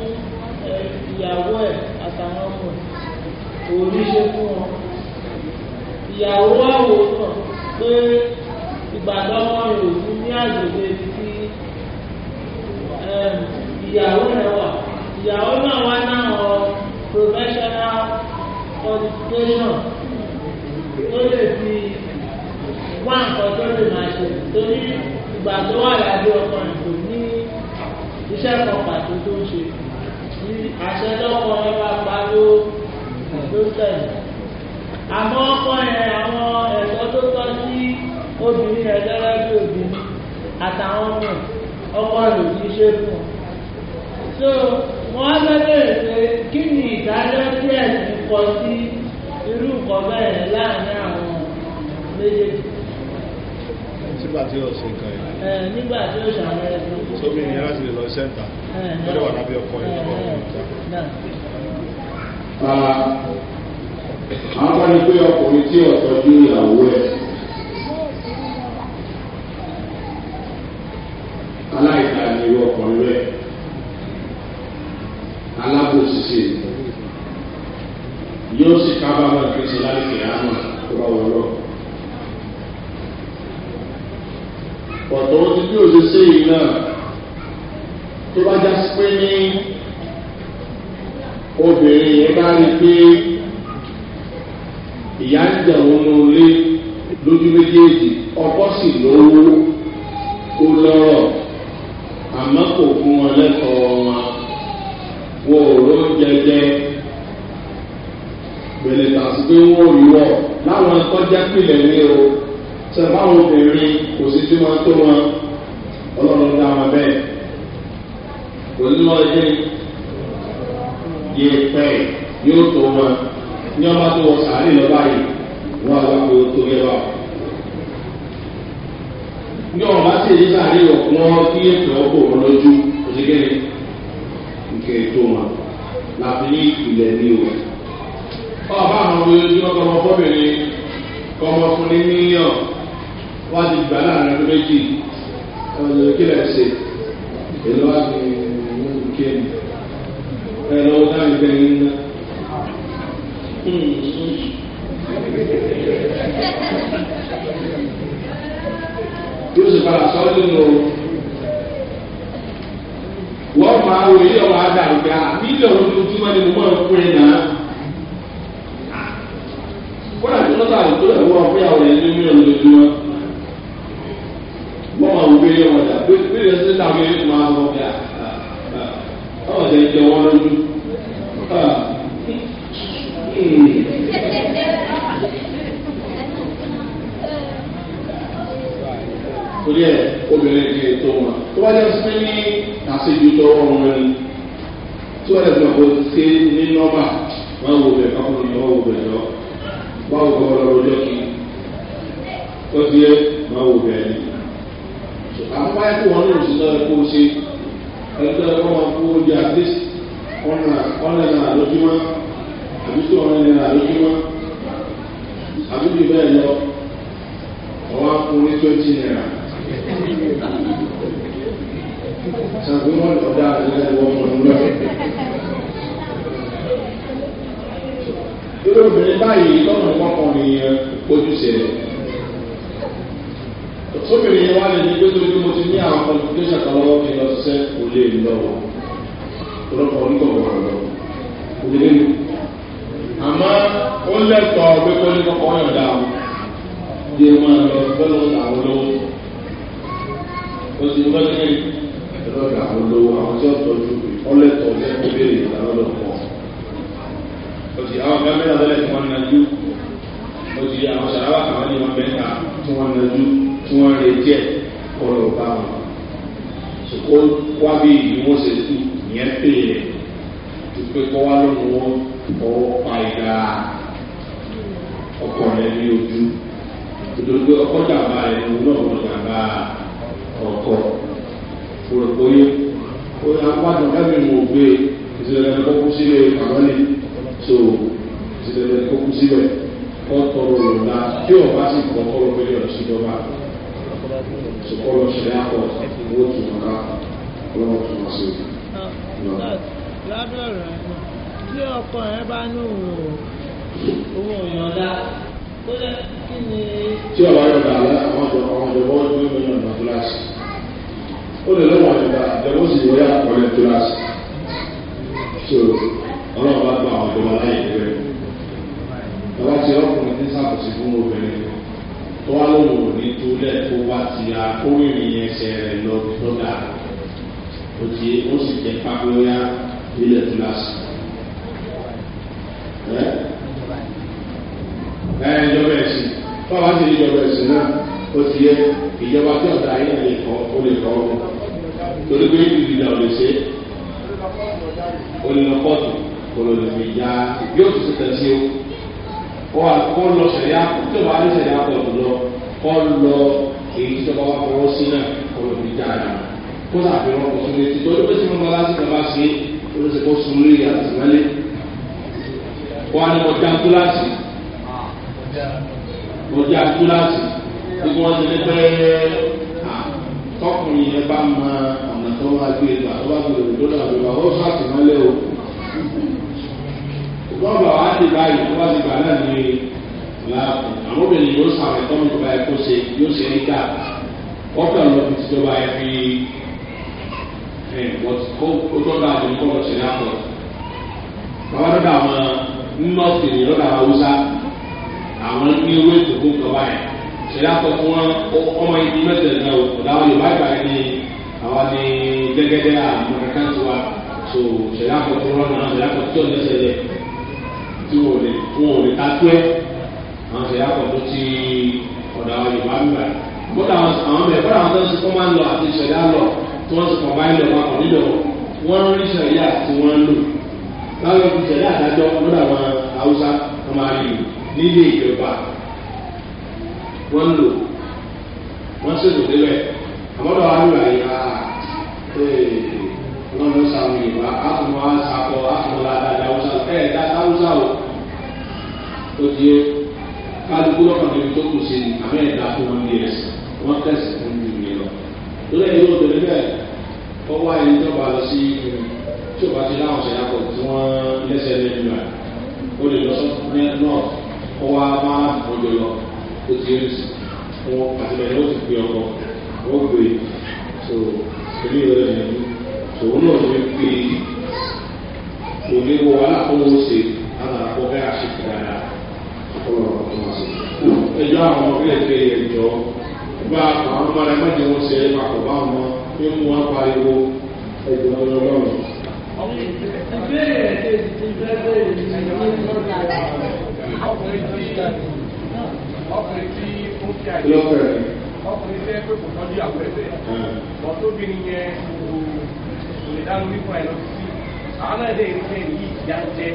ìyàwó ẹ̀ àtàwọn ọmọ òní ṣe fún wọn ìyàwó àwò náà pé ìgbàgbọ́ ọmọ rẹ̀ ò fún ní àgbègbè tí professional qualification tó lè fi wá nǹkan tó lè máa ṣe torí ìgbà tó wà lábẹ́ ọkọ̀ ìbò ní iṣẹ́ kan pàtó tó ń ṣe ní àṣẹ lọ́kọ̀ ẹ pa ló ló tẹ̀lé. àmọ́ ọkọ yẹn àwọn ẹ̀tọ́ tó tọ́ sí obìnrin yẹn bí obìnrin àtàwọn ọmọ ọkọ rẹ̀ kì í ṣe fún un. so wọ́n á fẹ́ bẹ̀rẹ̀ pé kí ni ìdájọ́ tí ẹ̀sìn kọ sí irú nǹkan bẹ́ẹ̀ láàárín méjèèjì. nígbà tí o ṣe nǹkan yìí. nígbà tí o ṣàwọn ẹ̀sìn. sómi ni láti lè lọ sẹ́ńtà lọ́dọ̀ wà lábẹ́ ọkọ yìí lọ́wọ́ àwọn kan ní pé ọkùnrin tí ọ̀tọ́jú ìyàwó ẹ̀ aláìka ni irú ọkùnrin rẹ̀ individual àwọn ọ̀dẹ jọ wọ́n lójú. Ah. torí ẹ obìnrin kì í tó wọn tó bá jẹ́ sí ní àṣejù tó ọrùn rẹ ni tí wọ́n lè fi ọkọ̀ ṣe ní nọ́mbà wọ́n wò bẹ̀ ọkùnrin wọ́n wò bẹ̀ lọ wọ́n wò bẹ̀ lọ lọ́jọ́ kí wọ́n ti yẹ wọ́n wò bẹ̀ ni. àwọn báyìí kò wọ́n lòdì sí lọ́wọ́ kó o ṣe ẹjọ́ ẹ̀kọ́ máa kó oúnjẹ àtẹ́sì ọ̀nà ọ̀nà ẹ̀nà àlójúmọ́ àbí tó ọ̀nà ẹ̀nà àlójúmọ́ àbí bí bẹ́ẹ̀ lọ ọ̀wá fún ní twenty naira. sàbí wọn ọ̀dà àdúrà ẹ̀wọ̀ ọ̀nà lọ. lórí obìnrin báyìí lọ́nà ìwọ́n kan ní ojúṣe sóbìnrin yẹn wá lè ní pé torí mo ti ní àwọn qualification kan lọ́wọ́ kí n lọ sẹ́ kò lè lọ́wọ́ ọlọ́pàá oníkọ̀ọ̀kan lọ òdìdí ni àmọ́ ó lẹ́tọ̀ọ́ pé kó ní kọ́kọ́ yọ̀dá o yẹ máa lọ bọ́lọ̀ àwọn olówó ó sì ń bọ́lọ̀ yẹn lọ́dọ̀ àwọn olówó àwọn tí ó tọ́jú ọlẹ́tọ̀ọ́ lẹ́kọ̀ọ́ béèrè ìdálọ́dọ̀ pọ̀ ó sì àwọn kámẹ́rà lọ́lẹ̀ tí wọ́n ń najú ó sì àwọn sàrà àwọn ènìyàn bẹ́ẹ̀ ta tí tí wọ́n ń retí ẹ̀ wọn. Sòkó wá bí ìdíwọ́ ṣe tú ìyẹn pè é ju kọ́ wá lọ́nu wọn ọwọ́ pa ìgbà ọkọ̀ rẹ̀ ní ojú. Ìdòdó ọkọ̀ jàmbá rẹ̀ ní òun náà jàmbá ọkọ̀. Òròpóyè ó yà wá dùn ká gbé e. ìṣẹ̀lẹ̀ ẹ̀kọ́ kú sílẹ̀ àwọn ní ìṣẹ̀lẹ̀ ẹ̀kọ́ kú sílẹ̀ ọ̀tọ̀rọ̀ lọ́la tí ọba sì kọ́ ọ̀rọ̀ pẹ̀lú ọ̀sìn ìjọba. Sukolo ṣe àpọ̀ owó tún ká ọlọ́wọ́ tún wá sí i. Lábẹ́ ọ̀rọ̀ ẹ̀ tí ọkọ ẹ̀ bá ní òun òun òyìnbá tó lẹ́ kí ni. Tí ọba yóò dà lẹ́ àwọn ọ̀dọ́ àwọn ọ̀dọ́ wọ́n ní ìlú ọ̀nà kíláàsì. Ó lè lọ́wọ́ àyíká ìjọba ó sì wọ́yà ọ̀rẹ́ kíláàsì. So ọlọ́run bá gba àwọn ọ̀dọ́ wa láyé rẹ̀. Bàbá ti ọkùnrin ní sàkóso fún obìnrin tó wá lóun ò ní tó lẹ̀ tó wá ti ra kó rìnrìn ẹsẹ̀ rẹ̀ lọ tó dà ó ti ó sì jẹ́ pápóyá nílẹ̀ kíláàsì. ẹ ẹ ìjọba ẹ̀sìn báwa ti ìjọba ẹ̀sìn náà ó ti yẹ ìjọba tí ọ̀dà ayé lè kọ́ ó lè kọ́ ọ́ torí pé ìdìdà ò lè ṣe ó lè lọ pọ́ọ̀tù kò lè fi ya yóò tún ṣe tẹ̀sí o kó wà kó lọ sẹ̀yà tó bá ní sẹ̀yà pọ̀ tó lọ kó lọ èyí tó bá wà fọwọ́ sí náà kó lọ fi dáadáa kó sàfihàn ọkọ̀ sórí etí tó lópe tí mo bá lásìkò bá ṣe ó lọ sí kó sun lórí àtìmọ́lé kó wà ní ọjà kíláàsì ọjà kíláàsì tí wọ́n ti ní pẹ́ẹ́ tọkùnrin yẹn bá ma ọ̀nà tó wá gbé ìgbà e tó wá gbé ìgbà e tó bọ́ọ̀lù àwọn àti báyìí tó bá ti gbà náà ní láàbù àwọn obìnrin yóò sàrẹ̀ tọ́nu tó bá yẹ kó ṣe yóò ṣe ní ká ọ̀pẹ̀ lọ fi tó bá yẹ fi ẹ̀ ó tọ́ da àbí kọ́ lọ sí láàbù. bàbá dọ́dọ̀ àwọn nọ́ọ̀sì ní lọ́dọ̀ haúsá àwọn ní owó ètò fún ìjọba yẹn ṣẹlẹ akọ fún wọn ọmọ ibi mẹsẹlẹ náà kò dáwọn yorùbá ìgbà yẹn ni àwọn ni gẹgẹdẹ àmọ kankan tiwa so ṣẹlẹ akọ fún wọn náà ṣẹlẹ akọ tí ò ní ṣẹlẹ tí wọn ò lè wọn lè ta tó ẹ àwọn ṣẹlẹ tó ti ọ̀dọ̀ àwọn yorùbá gbà bọ́dà àwọn bẹ̀rẹ̀ bọ́dà àwọn tó ń sọ máa ń lọ àti tí wọ́n wọn wọ́n rí àti wọ́n ń lò láwọn àwọn wọn máa rí nílé ìjọba wọ́n ń lò wọn ló sa àwọn yorùbá àtúmọ̀ àsàkọ àtúmọ̀ làdàdà ọ̀sà ẹ̀ dá táwùsà o ó di é kálukú lọ́kàn níbi tó kù sí ni àmọ́ ẹ̀dá fún wọn ní ẹ̀sìn wọ́n tẹ̀sí fún mi nìyẹn lọ. lórí ẹ̀yọ́ obìnrin bẹ́ẹ̀ ó wá ẹni tó bá lọ sí tí ò bá ti láwọn ṣẹ̀yà pọ̀ tí wọ́n lẹ́sẹ̀ lẹ́nu rà ó lè lọ sọ́kùnrin náà ó wá máa mọ́jọ lọ ó ti rí sí wọn àtìlẹ́yìn ó ti so ìlú ìrẹ̀lẹ̀ òun náà ló pé òléwọ alákòwò ṣe àwọn àkọ́kẹ́ àṣekù dáadáa ọ̀pọ̀lọpọ̀ ọ̀tún wá sí. ẹjọ́ àwọn ọmọ bílẹ̀ pé ẹ̀jọ́ bá àwọn ọmọ rẹ má jẹ́ wọ́n ṣe é papọ̀ bá wọn pé mú wọn pariwo ẹ̀jọ̀ ọlọ́run. ìbéèrè kejì ti fẹ́ bẹ́ẹ̀ ni ọkùnrin tí ọkùnrin tí ó ń tẹ̀ ọkùnrin tẹ́ pé kò tọ́jú àwọn ẹ̀fẹ̀ ọ̀tọ́bìnrin yẹn kò kò lè dánu wípé ẹ̀ lọ sí àwọn náà dé ìrìnsẹ̀ yìí ìyá ń jẹ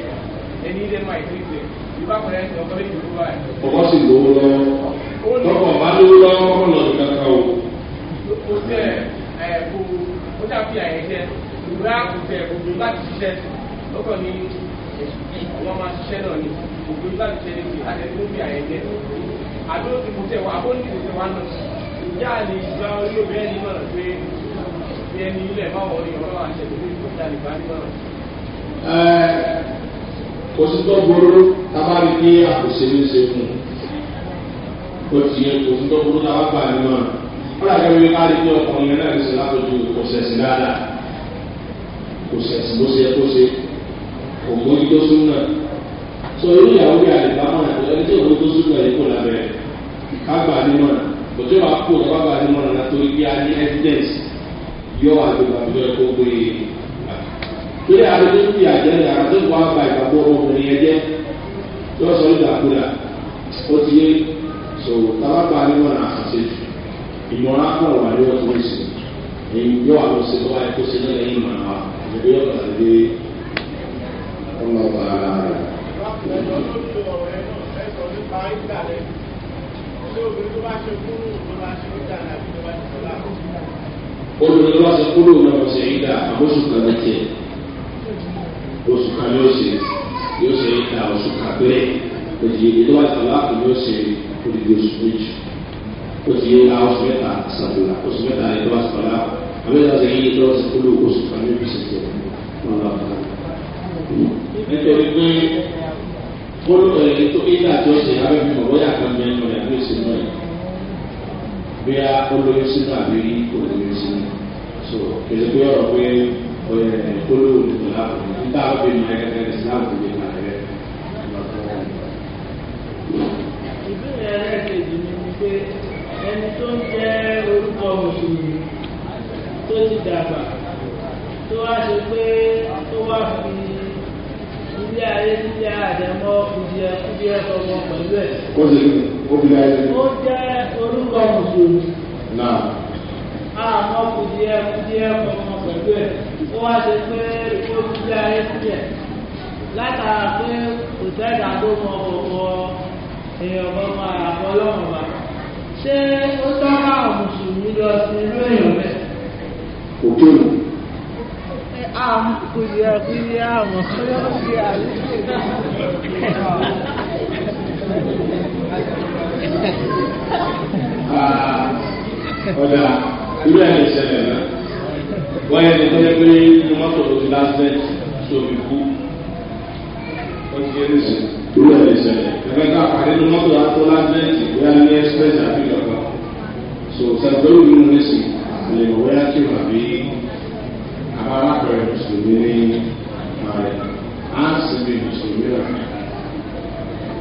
ẹni ilé máa ìrìnsẹ̀ ìbá kọ̀ọ̀rẹ́ ẹ̀sìn ọkọ̀ lè dúró báyìí. ọkọ sì lówó lọ́wọ́ tọkọ bá lówó lọ́wọ́ kọ́ lọ sí kankan o. o tẹ ẹ kó o tà fi àyè jẹ ìwúrà kò tẹ òbí bá ti ṣiṣẹ́ lọ́kọ̀ ni wọ́n máa ṣiṣẹ́ náà ni òbí bá ti ṣiṣẹ́ níbi àtẹ̀tún fi àyè jẹ àdó ti kò tẹ wà àbó ní ìdòtẹ̀ wà náà ìyá àlè ìgbà orí obìnrin náà pé kò sí tó gbóró tábàrí pé àkòṣe ní ṣe fún un ó ti yẹ kò sí tó gbóró tábà gbà nínú ọ̀nà ó dàgbà wípé ká lè ní ọkùnrin yẹn náà ṣe látọ̀jú kò ṣẹ̀sìn dáadáa kò ṣẹ̀sìn bó ṣe yẹ kó ṣe kò mójú tó sún náà tó irú ìyàwó yà lè bá wọn àti ẹni tó mójú tó sún náà yẹ kó làbẹ̀ ká gbà nínú ọ̀nà kò tó bá kó ká gbà nínú ọ̀nà torí pé a ní evidence yọ àdúgbò àti ẹ̀kọ́ gbé e. Torí àdúgbò ń fi àjẹ́ rẹ̀ àdúgbò wá gba ìgbàgbọ́ ọmọkùnrin yẹn jẹ́. Yọ sọ ìdàkúdà, ó ti yé sọ̀rọ̀ tábàbà níwọ̀n àṣàṣe. Ìmọ̀ràn akọ̀rọ̀ wà ní ọ̀tún ìsìn. Èyí yọ àwọn ṣe tó wáyé kó ṣe náà lẹ́yìn ìmọ̀ àwa. Ìgbé yọ̀ọ̀tà lé ọmọ ara rẹ̀. Ṣé obìnrin olùdókòwò wa sọ kúrò náà wọ́n ṣe ń dà àbóṣù kan ló tiẹ̀ oṣù kan yóò ṣe yóò ṣe ń dà oṣù kan bẹ́ẹ̀ òdìdí èdè tó wà ní aláàfin yóò ṣe òdìdí oṣù méjì oṣù yẹn la oṣù mẹ́ta sàbùlà oṣù mẹ́ta ni tó wà sọ la àbẹ́sà ṣe yíyí tó wà sọ kúrò oṣù kan ló fi ṣe wọn lọ fún un. nítorí pé olùdókòwò bí a kó lóyún sínú àbí kò lóyún sínú so kèsì pé ọ̀rọ̀ pé kó lóyún nìkan láàbò níta àwọn ènìyàn ẹgbẹ́ ẹgbẹ́ sí láàbò ní ìgbà rẹ̀. ìbéèrè ẹlẹ́ẹ̀kejì ni wípé ẹni tó ń jẹ́ orúkọ mùsùlùmí tó ti dàgbà tó wá ṣe pé tó wá fi ilé ayé nílé àdẹ́mọ́ kùdìẹ̀ kùdìẹ̀ kọ̀ọ̀kan pẹ̀lú ẹ̀. kó lè lò. obìnrin. ó jẹ́ orúkọ mùsùlùmí. náà. àmọ́ kò jẹ́ kúndíẹ́ kọ̀ọ̀kan pẹ̀lú ó wá ṣe pé ó ti látara pé kò sẹ́dá tó mọ ọ̀pọ̀ èèyàn kan lọ́rùn wa ṣé ó sábà mùsùlùmí lọ sí èèyàn bẹ́ẹ̀. kò tó lù. [laughs] ọ̀dà irú ẹ̀ lè ṣẹlẹ̀ náà wọ́n yẹ kó yẹ pé inú mọ́tò ló ti lásìlẹ̀ tó fi kú ó ti yẹ lóṣù irú ẹ̀ lè ṣẹlẹ̀ ẹ̀fẹ́ ká pàdé inú mọ́tò tó lásìlẹ̀ ìwé ní express àbí ìjọba so sẹ́gbẹ́rù nínú lẹ́sìn àlè ìwé àti ìwàbí àbára pẹ̀lú mùsùlùmí ní ààrẹ á sì bí mùsùlùmí náà.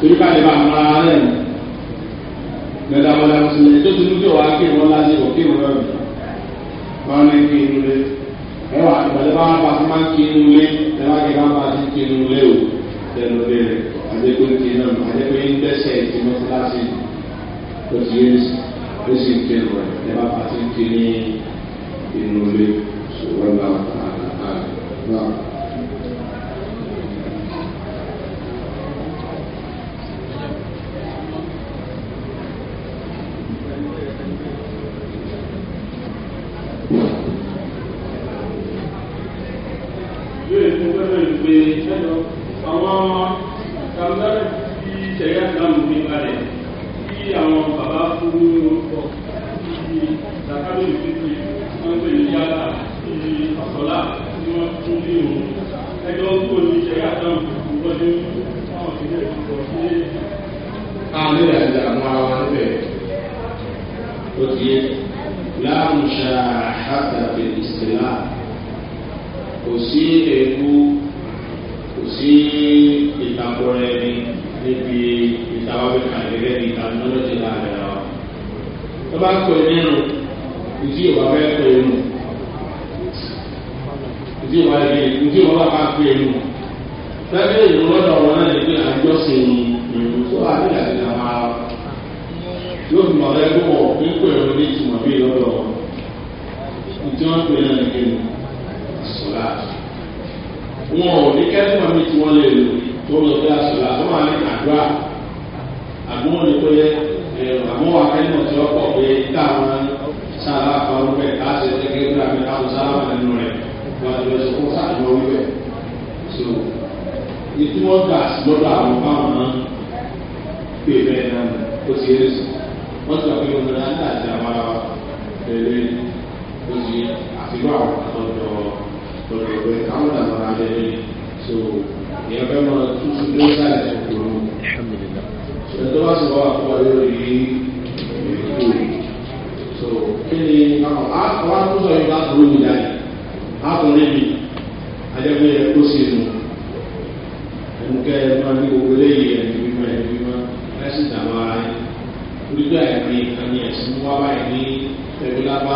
torí ká lè bá a mara rẹ̀ mọ̀ gbẹdàgbọdà mùsùlùmí tó ti ní kí ọ̀wá kí ìwọ́n láti ìwọ̀ kí ìwọ́n rẹ̀ wọ́n ní kí inú lé ẹwà ìgbàlẹ́ bá wọn bá fún máa ń kí inú lé ẹwà kí wọn bá ti kí inú lé o tẹnu lé rẹ̀ àdékò ń kí náà àdékò ń dẹ́sẹ̀ ìtì mọ́tíláṣí tó ti yé ó sì ń kí inú rẹ̀ ẹwà bá ti kí inú lé ṣùgbọ́n bá wọn kà náà.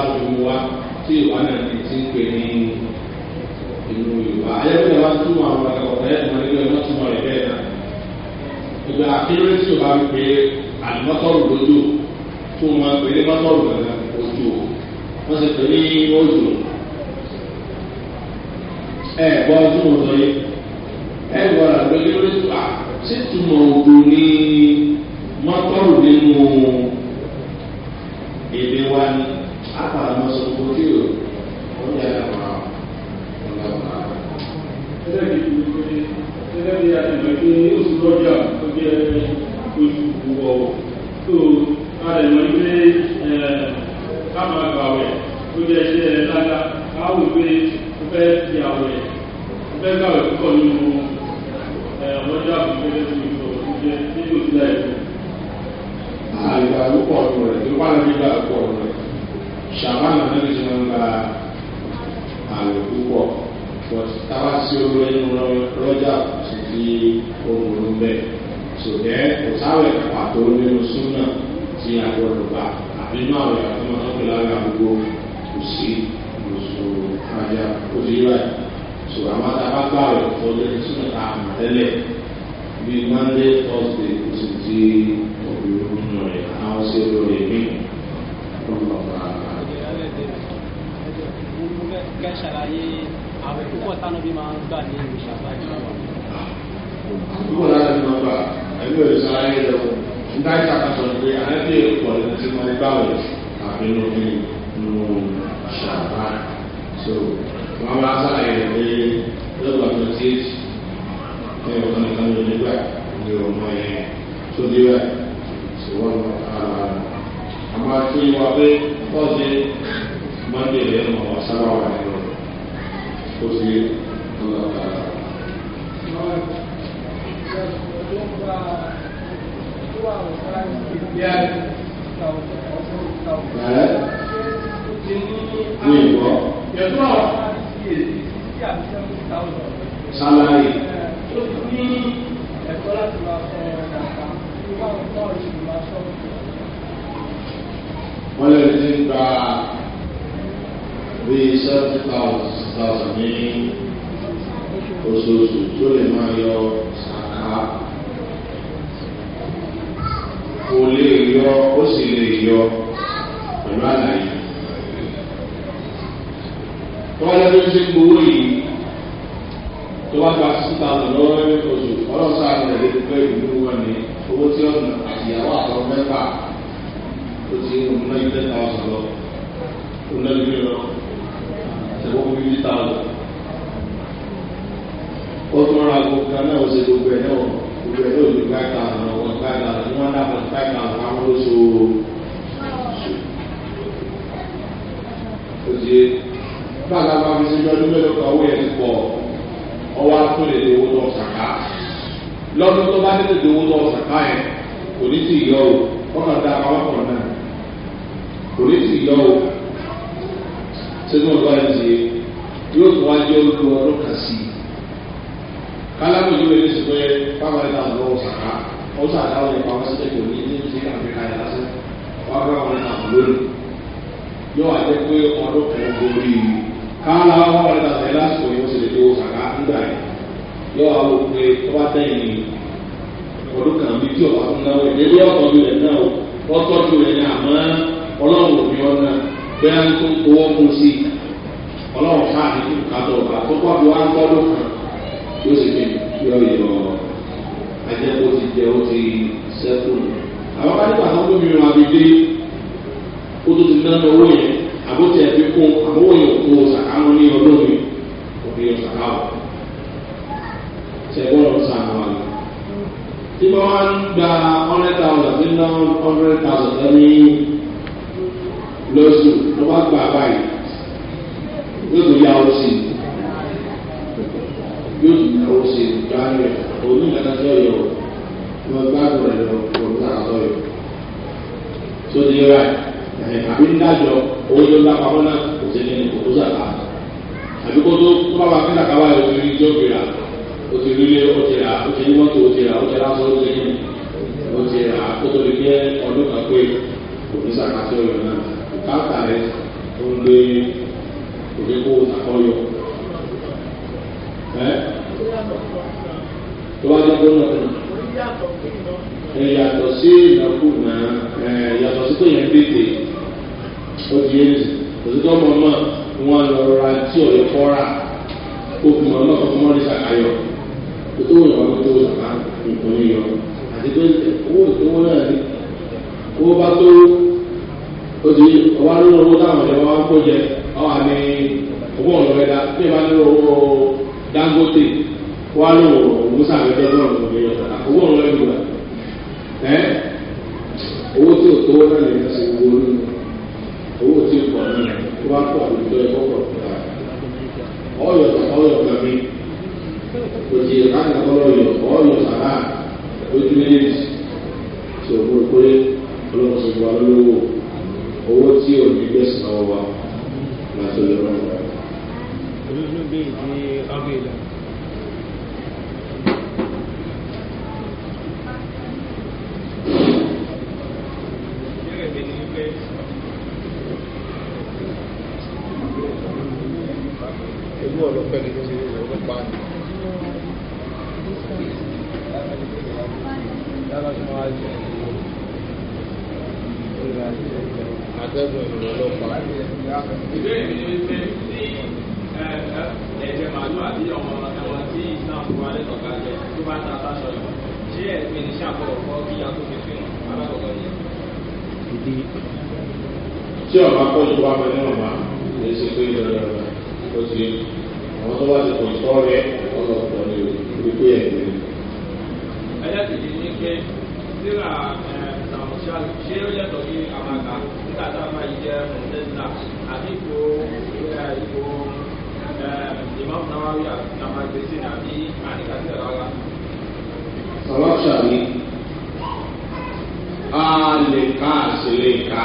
láwùjọ mú wa tí ìwà náà ti ti ń pè ní ìlú yorùbá ayẹ́pẹ́ wa túmọ̀ àwọn ọ̀tá ẹ̀dùn nínú ẹ̀mọ́ túmọ̀ rẹ̀ bẹ́ẹ̀ náà ìgbà akérè tí o bá ń pe àlùmọ́tọ́rù lójú tó o máa pè ní mọ́tọ́rù lọ́dà ojú o wọ́n sì pè ní ojú ẹ̀ gbọ́ ojú mo sọ yìí ẹ̀ gbọ́ àgbẹ̀lẹ́ lójú à ṣé túmọ̀ ògùn ní mọ́tọ́rù nínú o àmọ́ sọ̀rọ̀ kí o. tó fi ní ẹ̀kọ́ láti máa fọ ọ̀dàkà tí wọ́n náà ṣì máa sọ. wọ́n lè ní gba bíi seventy thousand thousand ní oṣooṣù tó lè máa yọ sàkà kò lè yọ ó sì lè yọ pẹ̀lú àlàyé. wọ́n lè ní gbowó yìí tó wá gba six thousand lọ́wọ́ oṣù ọlọ́sà rẹ̀ lè fẹ́ ìlú wọn ní owó tí ọ̀nà àtìyàwó àtọ̀rọ̀ mẹ́fà tó ti ń mú náà ten thousand lọ tó náà lè lọ ṣẹ̀wọ́ fifty thousand. ó tún ra gbogbo kan náà ó ṣe gbogbo ẹ̀ náà gbogbo ẹ̀ náà ó di five thousand ọ̀wọ́ five thousand ní wọ́n dà fún five thousand àwọn olóṣòwò. ó ti bá a lábàá fi ṣe jọ́dún mélòó kan ọwọ́ tó lè lè owó lọ sàká lọ́dún tó bá lè lè owó lọ sàká yẹn kò ní sì yọ o ọkàn dá pàápàá náà kò ní sì yọ o sínú ọ̀dọ́ àìsí yóò tún wá jẹ́ olùkọ́ ọdún kan sí i kálámù yìí wọlé sí pé fáwọn ẹ̀dá lọ́wọ́ sàká wọ́n sọ àdáwọ̀ yẹn pàápàá sí ẹ̀kọ́ ní ní ti àfíríkà yẹn lásán wọ́n á wọn náà lónìí yóò wá pé ọdún kan gbórí yìí káwọn làwọn bá wọlé tàbí lásìkò yìí wọ́n sì lè dé owó kàkà ńgbà yìí yọ àwọn òkè tó bá tẹ̀yìn ní ọdún kan bí tí ọba fún náà wọ̀ ẹ̀dẹ́ bí ọ̀tọ̀ ju rẹ̀ náà wọ́n tọ́jú rẹ̀ ní àmọ́ ọlọ́run òbí ọ̀nà bẹ́ẹ̀ ń tó owó kún sí ọlọ́run káà ní ìkàtọ̀ ọba tó kọ́ bí wọ́n á gbọ́ lókun yóò sì fi yọ ìyọ̀ ajẹ́ kó ti jẹ́ ó ti sẹ́kù àwọn kájú pàtàkì ó mi rìn àbí dé ó tó ti dáná owó yẹn àbótí ẹbí kún àbówó yẹn kún sàkámọ́ ní ọlọ́mi òbí sàkáwọ̀ ṣẹ̀gbọ́n lọ sàn àwọn àgbà. tí wọ́n wá ń gba hundred thousand ní náà hundred thousand lẹ́ni lọ́sù ló bá gbà báyìí yóò tún yá ọ sí yóò tún yá ọ sí ìdáhùn rẹ̀ òun ní ìdájọ́ yọ̀ wọ́n gbádùn rẹ̀ lọ́wọ́ láàárọ̀ yọ̀ tó dé báyìí àbí nídájọ owó tó ń dá pamọ́ náà kò sí ní kò tó sàkà àbí kó tó tó bá wà kí sàkà wà lórí ní tó gbéra o ti rí lé o ti rà o ti ní mọ́tò o ti rà o ti rà sọ́ọ́ lé o ti rà o tó lè jẹ́ ọdún kan pé kò ní sàkà sí ọ̀rọ̀ náà kò ká kà rẹ̀ ó ń lé kò ní kó sàkọ́yọ̀ ẹ́ tó bá dé gbọ́dọ̀ náà yàtọ̀ sí ìnákùnà yàtọ̀ sí pé yẹn tètè ó di èzì òtítọ́ mọ̀mọ́ wọn lọ ra tí ọ̀yọ́ fọ́ra òkú mọ̀mọ́ kọ́kọ́ mọ́ ní sàkáyọ̀ tó tó wọ̀nyí wọn tó sàká nǹkan yíyọ àti pé owó ìtọ́wọ́ náà ni owó bá tó ó di ọwọ́ nínú owó táwọn ọ̀yọ́ wọn kó jẹ ọwọ́ àmì owó ọ̀rọ̀ ẹ̀dá bí ìbá nínú owó dangote wọn lò wọ́n musa àgbẹ̀dẹ́ náà lọ́wọ́ ọ̀rọ̀ ẹ̀dá owó ọ̀rọ̀ ẹ̀dá owó tí o tó náà lè ṣe owó nínú owó tí o pọ̀ náà tó bá pọ̀ lórí tó yẹ kó pọ̀ tó dáa ọ̀yọ̀ ọ̀yọ̀ kàmí òjì ìlànà ọ̀yọ̀ ọ̀yọ̀ sàrà ojú méjèèjì tí o mú pé ọlọ́run ti wà lówó owó tí o ní gbèsè náà wà láti ọ̀yọ̀ náà wà. olùdókòwò bíi ti ọgbẹ́ ìlànà. ìbéèrè tí ẹ̀jẹ̀ kọ́ kí wa fẹ́ ní ọ̀ma lè ṣe pé ó ti àwọn tó bá ti kò tọ́ rẹ ọlọ́pọ̀ ni o ìgbé ẹ̀gbẹ́. ẹlẹ́sìn ni pé síra ẹ̀ ṣé ó yàtọ̀ sí àmàgà nígbà tá a máa jẹ pẹ̀sẹ̀ntà àbí ipò ipò ìmọ̀ náwáwí àmàgbèsè àbí àníkàtì rárá. ọ̀rọ̀ ṣàní a lè ká àṣírí ká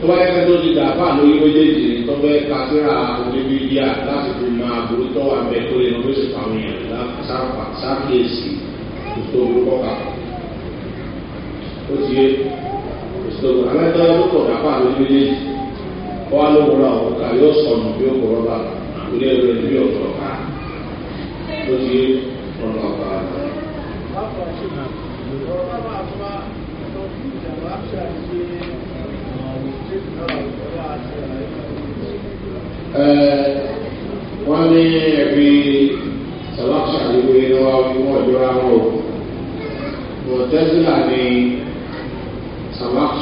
tó bá yẹ tó ti dàbà lórí méjèèjì tó bẹ́ẹ̀ ká síra oníbíbíà láti fi máa burú tọ́wọ́ abẹ tó lè lọ́wọ́ sí àwọn èèyàn sáfìyèsí tó burú kọ́kà kọ́ ó ti yé ìṣòro alájọ lóko dàpọ̀ àwọn méjèèjì kọ́ wa ló wúra ọ̀rọ̀ ká yóò sọnù bí ó kọ̀rọ̀ bá ilé rẹ̀ níbi ọ̀rọ̀ ká ó ti yé ọ̀rọ̀ ọ̀gá. wọ́n ní ẹ̀rí sàlọ́ọ̀ṣà ìwé wa wọ́n jọra wọn o mọ̀tẹ́sílà ni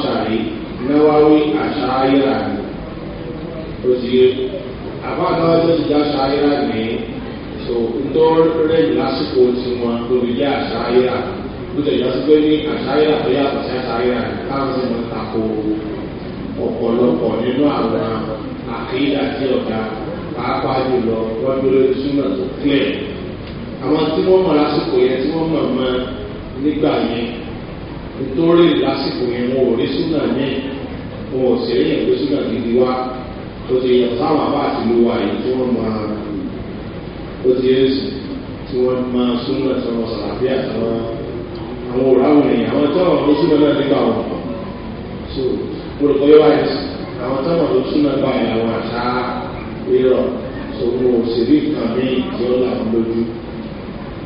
ṣàrí náwáwí àṣàyíra ni ó ti àbáàdá ọjọ́ ti dá ṣàyíra ní so tó rẹ̀yìn lásìkò tiwọn lórí jẹ́ àṣàyíra ó tẹ̀yà sí pé ní àṣàyíra tó yàtọ̀ sí àṣàyíra ní káwọn sì máa tako ọ̀pọ̀lọpọ̀ nínú àwọn àkéyà tí ọ̀gá pàápàá jùlọ wọ́n dúró túnà tó clear àwọn tí wọ́n mọ̀ lásìkò yẹn tí wọ́n mọ̀ mọ́ nígbà yẹn nítorí lásìkò yẹn wọn ò rí súnà ní wọn ò sì rí yẹn pé súnà gidi wá tó ti yàn táwọn àbá àti ìlú wa yìí tí wọ́n máa tó ti yẹn sì tí wọ́n máa súnà tí wọ́n sàlàbí àtàwọn àwọn òráwọ̀ èèyàn àwọn táwọn ló súnà náà nígbà wọn so olùkọ́ yóò wáyé sí àwọn táwọn ló súnà gbà yẹn àwọn àṣà rírọ̀ so wọn ò sì rí nǹkan míì tí ó là ń lójú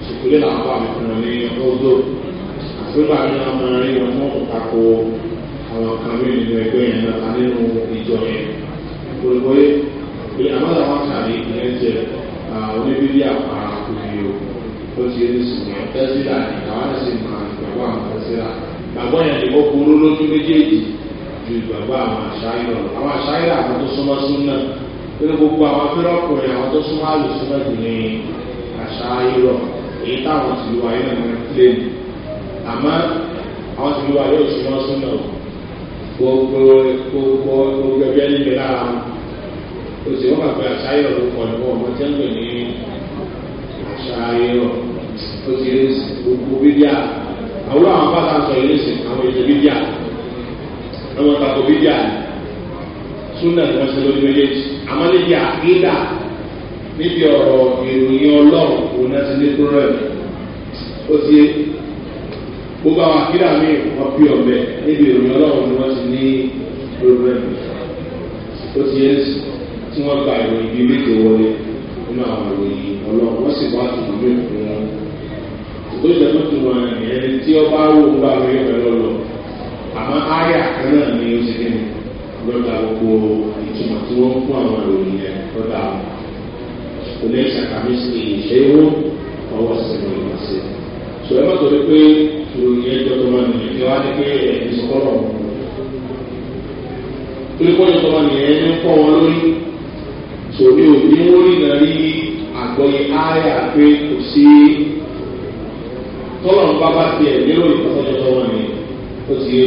sùkúlẹ̀ làwọn àmì kan ní ọgbọ́n nígbà tí wọn máa rí wọn mọ́ tako àwọn kan mí nínú ẹgbẹ́ yẹn náà nínú ìjọ yẹn olùkọ́ yẹ pé àmọ́tà wọn kàrí ìyẹn jẹ oníbíbí àpárá kùbí o ó ti yé nísìnyí tẹ́sílà ìdáwọ́n sì máa gbàgbọ́ àwọn tẹ́sílà gbàgbọ́ yẹn ni ó burú lójú méjèèjì ju ìgbàgbọ́ àwọn àṣàyàn lọ àwọn àṣàyàn àwọn tó súnmọ́ sún náà nínú gbogbo àwọn fẹ́rọ̀kùnrin àwọn tó súnmọ́ àlùsúnmọ́ jù ní àṣàyàn lọ èyí táwọn tìlú ayélujára ń àmọ́ àwọn tí wọ́n wà yóò sún wọ́n sún náà gbogbo gbogbo gbogbo ẹgbẹ́ níbi lára wọn òsì wọn kàgbé àṣàyọ̀ ló kọ̀ ní wọn tí wọ́n pè ní àṣàyọ̀ ó ti rí gbogbo bíbíà àwọn àwọn bá ta sọ yìí sí àwọn ètò bíbíà lọ́wọ́ tako bíbíà súnà ni wọ́n ṣe lórí méjèèjì àmọ́ níbi àkídà níbi ọ̀rọ̀ ìròyìn ọlọ́run òun náà ti ní kúrò rẹ̀ ó ti gbogbo àwọn àkírà mi wọ́n fi ọ̀bẹ níbi ìròyìn ọlọ́run ni wọ́n ti ní pírọ́bẹ́mù ó ti yẹ tí wọ́n gba ìròyìn bíi bí tó wọlé nínú àwọn ìròyìn ọlọ́run wọ́n sì wá tùmọ̀ mí fún wọn tó ṣe tó tùmọ̀ ẹni tí ó bá wò ń bá mi pẹ̀lú ọlọ́ àmọ́ áyà kan náà ni ó ti dé mi lọ́dà gbogbo ìtumọ̀ tí wọ́n fún àwọn ìròyìn yẹn lọ́dà kò lè ọwọ́ sí ìròyìn sọ ẹ má sọ pé ìròyìn ẹjọ́ tó máa nìyẹn ni wọ́n á ní pé ẹ̀yìn sọ́kọ́rọ̀ ọ̀hún. pé kọ́jọ́ tó máa nìyẹn ní kọ́ wọn lórí sòrí òbí wọ́n rí náà rí àgbọ̀yé áyà pé kò sí tọ́lọ̀ ń bá bá tiẹ̀ nílò ìtọ́jọ́ tó wọn nìyẹn ó ti yé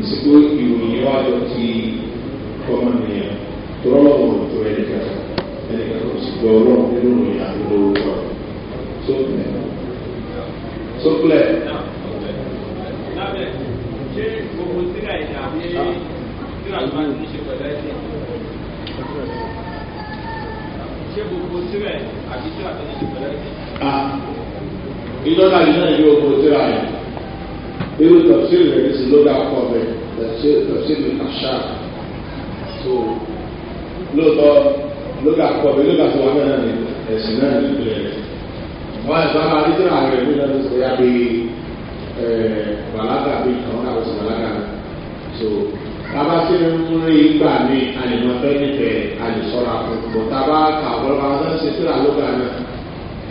ìsìnkú ìròyìn wájọ ti kọ́mọ nìyẹn tọ́lọ̀ wọn tó ẹnìkan ẹnìkan kò sì gbọ́ ọlọ́run nínú ìyàwó lórúkọ tó bẹ̀rẹ̀ sókúlẹ̀. ṣé gbogbo tíra ìdá ní tíra tó máa ń ṣe pẹ̀lú ẹ̀sìn? ṣé gbogbo tíra àbí tíra tó ń ṣe pẹ̀lú ẹ̀sìn? ìdọ́ta ìdá ìlú ogun tíra yẹn irú tọ̀sílì rẹ̀ sì ló dá ọkọ̀ bẹ̀ tọ̀sílì àṣà tó lóòótọ́ ló dá ọkọ̀ bẹ̀ ló dá tó wà náà ní ẹ̀sìn náà nípìnlẹ̀ rẹ̀ wọn ẹ̀fọ́ máa rí tíra rẹ̀ nígbà tó ṣe yá bí bàlágà bí àwọn náà wọ́n bàlágà so tába tí ń rí gbà ní àyìnbọ̀fẹ́ nífẹ̀ẹ́ àyìnsọ́ra fún bọ̀ tába kà ọ̀pọ̀lọpọ̀ àwọn tó ń ṣe tíra lóga náà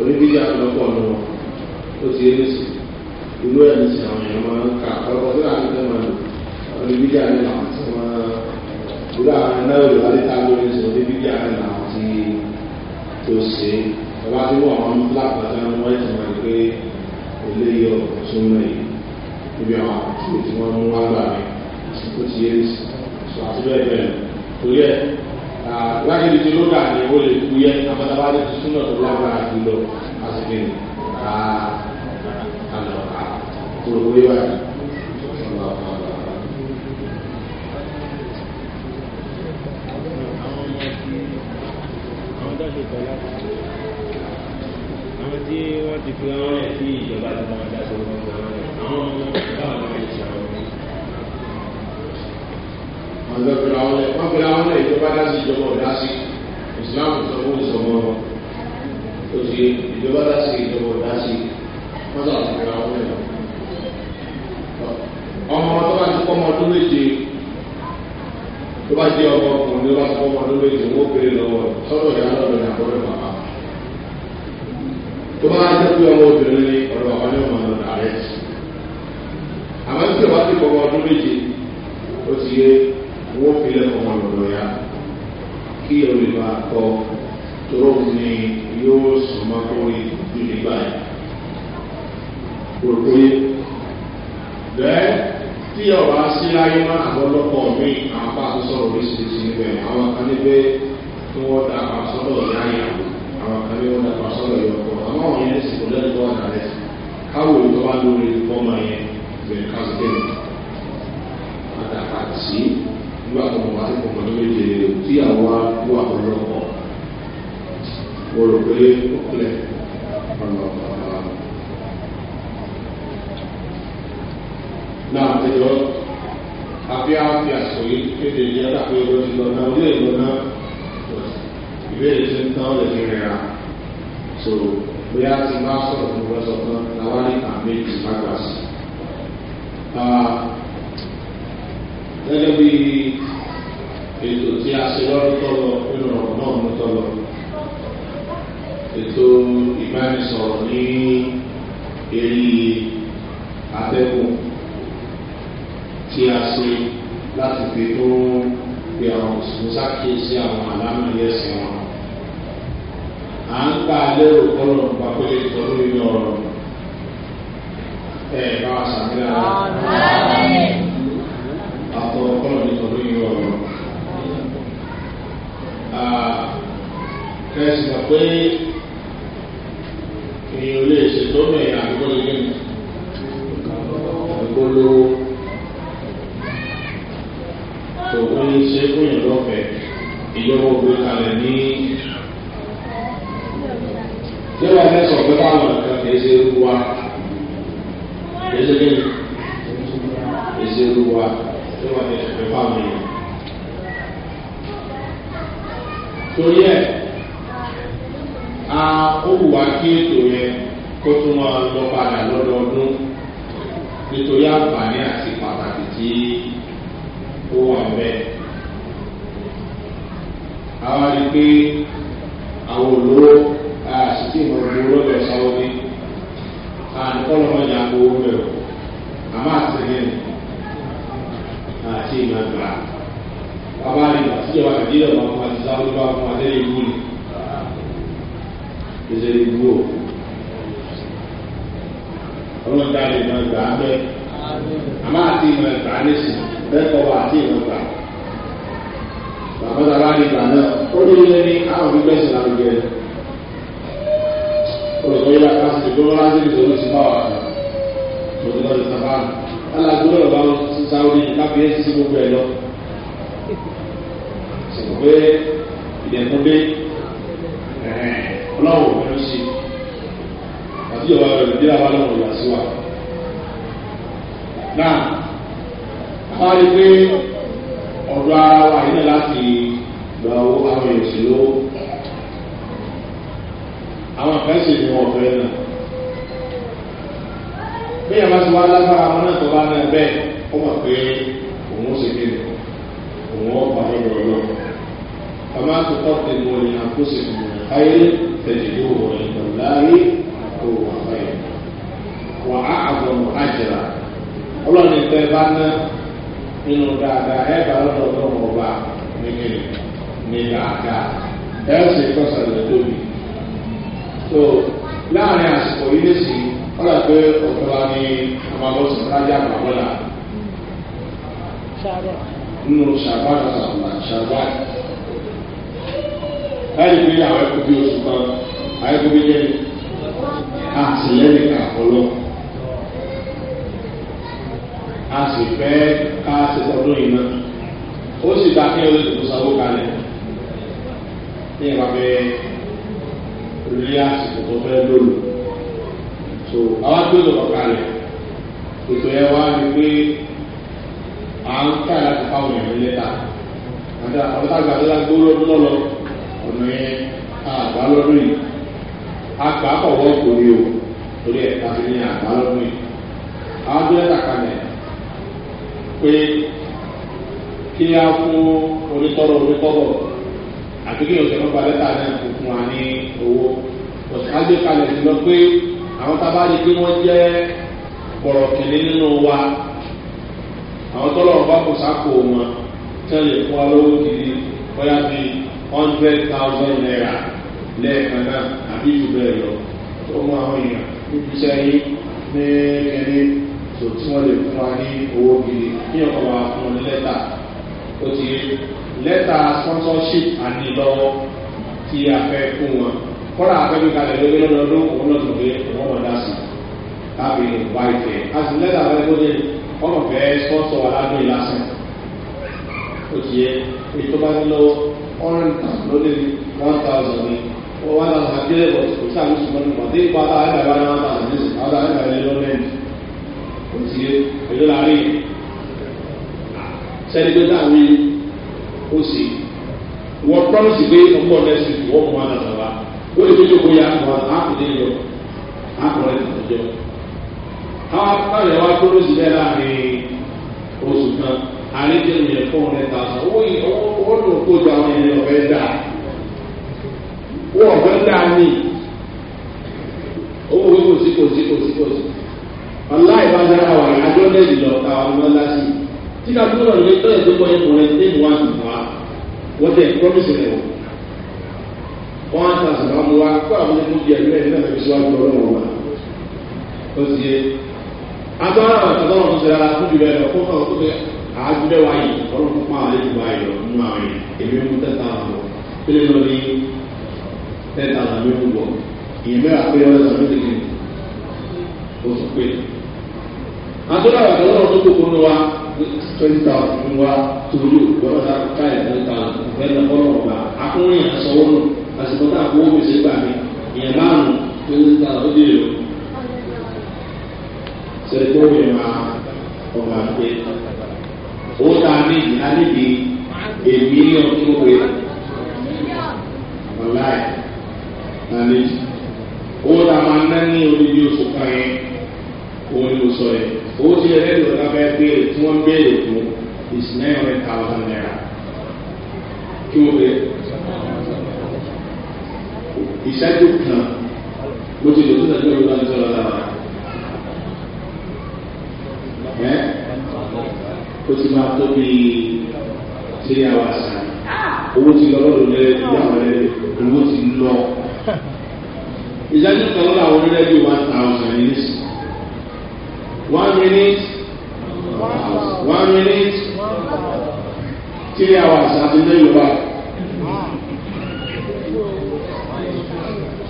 oníbíjà lọ́pọ̀ ọ̀nà wọn ó ti yé nísì ìlú ẹ̀ nísì àwọn èèyàn máa ń kà ọ̀pọ̀lọpọ̀ tíra ní ìlú wọn oníbíjà ní àwọn tí wọ́n ìlú àwọn náà yóò wá lé tábìlì ní oníbíjà ní àwọn tí tó ṣe é ọba tí wọ́n àwọn lápàtà wọ́n ti máa gbé eléyìí ọ̀rọ̀ tó ń rìn níbi àwọn àkùtù tí wọ́n mú wá gbà mí ó ti yé sọ àti bẹ́ẹ̀ bẹ́ẹ̀ torí ẹ̀ lágbègbè tí ló dà ní owó lè kú yẹ àbátabá lè ti súnà tó lágbára jùlọ àti kìnnì àlọ́ àkùrọ̀ wíwáyé. wọ́n ti fi wọ́n rẹ̀ sí ìjọba tí wọ́n dá sórí wọn náà àwọn ọmọ báwọn náà ń ṣe àwọn ọmọ. wọ́n lọ fi àwọn ẹ̀ wọ́n fi àwọn ẹ̀ ìjọba dá sí ìjọba ọ̀dá sí ìsìláàmù sọ fún ìsọmọ wọn tó ṣe ìjọba dá sí ìjọba ọ̀dá sí wọ́n sọ àti fi àwọn ẹ̀ ọmọ tó bá ti kọ́ ọmọ ọdún méje tó bá jẹ́ ọmọ ọkùnrin tó bá ti kọ́ ọmọ ọdún méje wọ́n tó bá jẹ́ pé ọmọ obìnrin ni ọ̀rọ̀ àwọn ọmọ ọmọ rẹ̀ sí. àmọ́ tí ọba ti kọ́kọ́ ọdún méje ó ti yé owó filẹ̀ ọmọ lọ́dọ̀ ya kí olùbá kọ tóró ni yóò sùn mọ́ lórí ju nígbà yìí. Olùkóyè bẹ́ẹ̀ si ọba sí láyé máa àbọ̀lọ́pọ̀ mi àwọn bá tó sọ̀rọ̀ oríṣiríṣi níbẹ̀ àwọn kan níbẹ̀ tí wọ́n dà pa sọ́dọ̀ ìyá ìyàwó àwọn kan ní wọ́n dà pa sọ́dọ̀ ìyàwó àmọ́ àwọn yẹn sì kò lẹ́nu tó wà nàlẹ́ káwọ èyí tó bá lórí ọmọ yẹn bẹ̀rẹ̀ káwọ tẹ́lẹ̀ àdàkà sí nígbà tó mọ̀ wá sí kọ̀ọ̀kan tó méje tí àwọn akú àpọ̀lọpọ̀ mo rò pé ó kúlẹ̀ ọ̀nà ọ̀nà. náà ẹjọ́ àbí àfi àsòyí kéde ní adápẹ́ ìwé ti lọ́nà ilé ìlọ́nà ìbéèrè ti ń tán lè fi sọ̀rọ̀ bóyá ti bá sọ̀rọ̀ tó wọ́n sọ fún láwọn ní àmì ìgbàgbà sí. gẹ́gẹ́ bí ètò tí a ṣe lọ́rùn tọ́lọ nínú ọ̀rọ̀ náà mú tọ́lọ ètò ìbánisọ̀rọ̀ ní eré atẹ́kùn tí a ṣe láti fi tó pe àwọn mùsùlùmí sákèésí àwọn àlámọ̀ yẹ̀sìn wọn à ń gbà lérò kọ́lọ̀ nípa pé lè sọ lórí ọ̀rọ̀ ẹ̀ bá a sàmìlà àtọ̀ kọ́lọ̀ lè sọ lórí ọ̀rọ̀ kẹ́sì gbà pé èèyàn lè ṣètò mẹ́rin àdúgbò lè gbẹ̀mí àdúgbò lówó tó ṣe fún ìlọ́fẹ̀ẹ́ ìjọba ògbé kalẹ̀ ní. pé táwọn nǹkan kì í ṣe irú wa kì í ṣe kí ni kì í a ó wù wá kí ètò yẹn kó tún máa lọ padà lọ́dọọdún nítorí àǹfààní àti pàtàkì tí ó wà bẹ́ẹ̀. àwa rí bẹ́ẹ̀ ó mọ̀ pé òun ṣe kí ni òun ọ̀pá lọ́dọ̀ ọlọ́run àmọ́ àtúntò tẹ̀ mọ́ ni àkóso ìmọ̀ràn ayé tẹ̀lé yóò wọ̀ ẹ̀kọ́ láàyè kó wà báyìí wà á àgbọ̀nù àjẹrà ọlọ́run ìfẹ́ bá ná nínú dáadáa ẹ̀ bá lọ́dọ̀ ọlọ́run ọba nìkiri ní dáadáa ẹ̀ sì kọ́sà lẹ́tọ́bi so láàrin àsìkò yìí gbà pé ọ̀tọ̀la ni abalọ́sùn lájà àgbàbọ́là nínú ṣàbáyà sàmà ṣàbáyà láyé pé àwọn ẹ̀kọ́ bí oṣù kan àyẹ̀kọ́ bí jẹ́ àtìlẹ́yìn àkọlọ́ a sì fẹ́ ká ṣe tọdún yìí náà ó sì dá kí ọdún tó sanwó kalẹ̀ ní ìwà bẹ́ẹ̀ rí àsìkò tó fẹ́ lónìí so àwa gbé lọ́rọ̀ kalẹ̀ ètò yẹn wá ní pé à ń ká láti fáwọn èèyàn lẹ́tà àti àwọn tá a gbà tó lágbó lọ́dún lọ́lọ́ ọ̀nà yẹn àgbà lọ́dún yìí àgbà kọ̀wọ́ kò ní o torí ẹ̀ tàbí ní àgbà lọ́dún yìí àwọn tó lẹ́tà kalẹ̀ pé kí á fún onítọ́rọ̀ onítọ́rọ̀ àti kí ọ̀sẹ̀ náà gba lẹ́tà náà fún wa ní owó ọ̀sẹ̀ á gbé kalẹ̀ sí lọ pé àwọn tábà ní pé wọ́n jẹ́ bọ̀rọ̀kìnrin nínú wa àwọn tọ́lọ̀ ọ̀bá kò sáko wọn tẹ́lẹ̀ fún wa lówó kiri bóyá bí hundred thousand naira lẹ́ẹ̀kan náà àbí jù bẹ́ẹ̀ lọ tó mú àwọn èèyàn níbi iṣẹ́ yín ní kẹ́lẹ́ tó tí wọ́n lè fún wa ní owó kiri ní ọ̀pọ̀ wa fún wọn ní lẹ́tà ó ti lẹ́tà sponsorship àti ìlọ́wọ́ tí a fẹ́ fún wọn kọ́ra abẹ́bí kalẹ̀ lórí lọ́dọọdún òun náà tòkè òun náà dá sí tàbí wá ìtẹ̀ àti lẹ́tà abẹ́rẹ́ tó dé ọmọ fẹ́ sọ́ọ̀tọ̀ aládùn ìlàsìn ó ti yẹ ètò bá ní lọ́wọ́ ọ̀rìn tàn lórí one thousand ní wọ́n wá náà wá délé bọ̀ kò sí àlùsùn mọ́ni wọ́n dé ipa tá àgbà náà wá náà ní àwọn àgbà ilé lọ́mẹ́ntì ó ti yẹ èdè láàrin sẹ́ni tó dáa wí ó sì wọ́n promise pé ọgbọ́n lẹ́sìn wọ́n mú wa náà ó lè dédé bóyá àwọn àkùdé yọ àkùrẹ́ ìtàjọ. káwá káwé wá dúró sílẹ̀ láàrin oṣù kan àrídìí ìyẹn fún ọ̀rẹ́ ta sọ owó yìí owó tó kó ju àwọn ènìyàn ọ̀fẹ́ dà owó ọ̀fẹ́ dà ní owó wí kò sí kò sí kò sí kò wà ní lẹ́yìn lọ ta ọmọ lásì tí ká tó lọ lórí tó yẹ wọn ta sọ̀rọ̀ mu wa kó àwọn ẹni bí ẹgbẹ́ ẹni náà fi síwájú ọlọ́run wa ó sì yé agbára àtọ́lọ́run tó ṣe ara fún jùlọ ẹ̀rọ kó kàn ó pé àájúbẹ́ wa yìí ọlọ́run fún àwọn àlejò wa yìí lọ nínú àwọn yìí èmi mú tẹ́tà àwọn lọ kí lè lọ ní tẹ́tà àwọn mi ń wọ ìyẹn mẹ́ra pé ọlọ́run tó ti kéde ó tún pé àtọ́lọ́run àtọ́lọ́run tó kókó ní wa twenty thousand ní wa tòlú gbọ́dọ̀ ká ẹ̀ twenty thousand fẹ́ẹ́ lọ́wọ́ ọ̀gbà akúnyìn àsọwọ́nù àsìkò tá a kó owó gbèsè gbà mí ìyẹn márùn tó ń ta ó dé o sọ̀rọ̀ tó wẹ̀ máa ọ̀gá pé owó tá a níbi a níbi èmi ní ọdún wẹ̀ ọ̀la ẹ̀ náà níbi owó tá a máa ná ní odidi oṣù kan yẹn òun ni mo sọ yẹn owó tí ẹ lẹ́nu ọ̀la bá béèrè tí wọ́n béèrè fún is nine hundred thousand naira kí wọ́n bẹ̀rẹ̀ ìṣẹ́jú kan bó ti lè tó lẹ́jọ́ ìlú láti sọ̀rọ̀ lára. ẹ́ ó ti máa tó bí three hours owó ti lọ lọ́dọ̀ lẹ́ ìyàwó rẹ̀ owó ti lọ. ìṣẹ́jú kan lọ́dọ̀ àwọn orílẹ̀ èdè one thousand minutes one minute one minute three hours àti lẹ́yìn báyìí.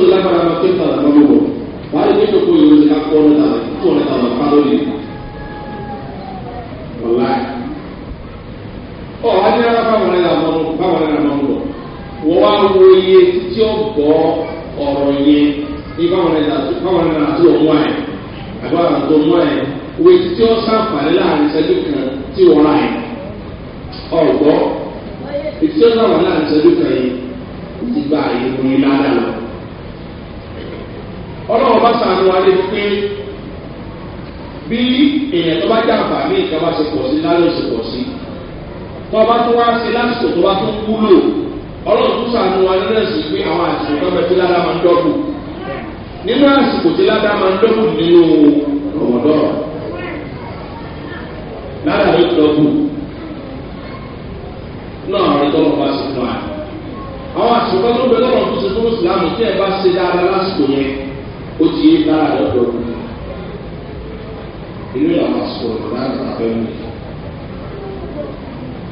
tó lágbára máa pín tàlà lọ́wọ́ bọ̀ wàá lè níjọ kó ìwé ìka kọ́ ọ̀nà tàlà kó ọ̀nà tàlà pa lórí. ọ̀la ọ̀ adé ara báwọn ẹ̀rọ àwọn ọmọ báwọn ẹ̀rọ àwọn ọmọ wọ́n wá wo iye tí ó bọ̀ ọ̀rọ̀ yẹn ní báwọn ẹ̀rọ àti ọmọ ẹ̀ àgbàrá tó mọ́ ẹ̀ wo tí ó sàǹfààní láàrin sẹ́jú kan tí wọ́n rà ẹ̀ ọ̀gbọ́ ìtí ó sàǹfààní wọn lé pé bí èèyàn tó bá jàǹfà ní ìkan bá ṣe pọ̀ sí lálẹ́ òṣè pọ̀ sí tó bá tún wá sí lásìkò tó bá tún wúlò ọlọ́run tún sànù wa nínú ẹ̀sìn pé àwọn àsìkò tó bẹ tí ládà máa ń dọ́kù nínú àsìkò tí ládà máa ń dọ́kù nínú rọ̀mọ̀dọ́rọ̀ ládà ló dọ́kù náà rí tọ́lọ́ bá sì fún wa àwọn àsìkò tó bẹ lọ́rọ̀ tó ṣe fún ìsìlámù tí ẹ bá ṣe dáadáa lásìkò yẹn ti yé lára lọ́dọ̀ mi ilé làwọn sọ̀rọ̀ láti abẹ́ mi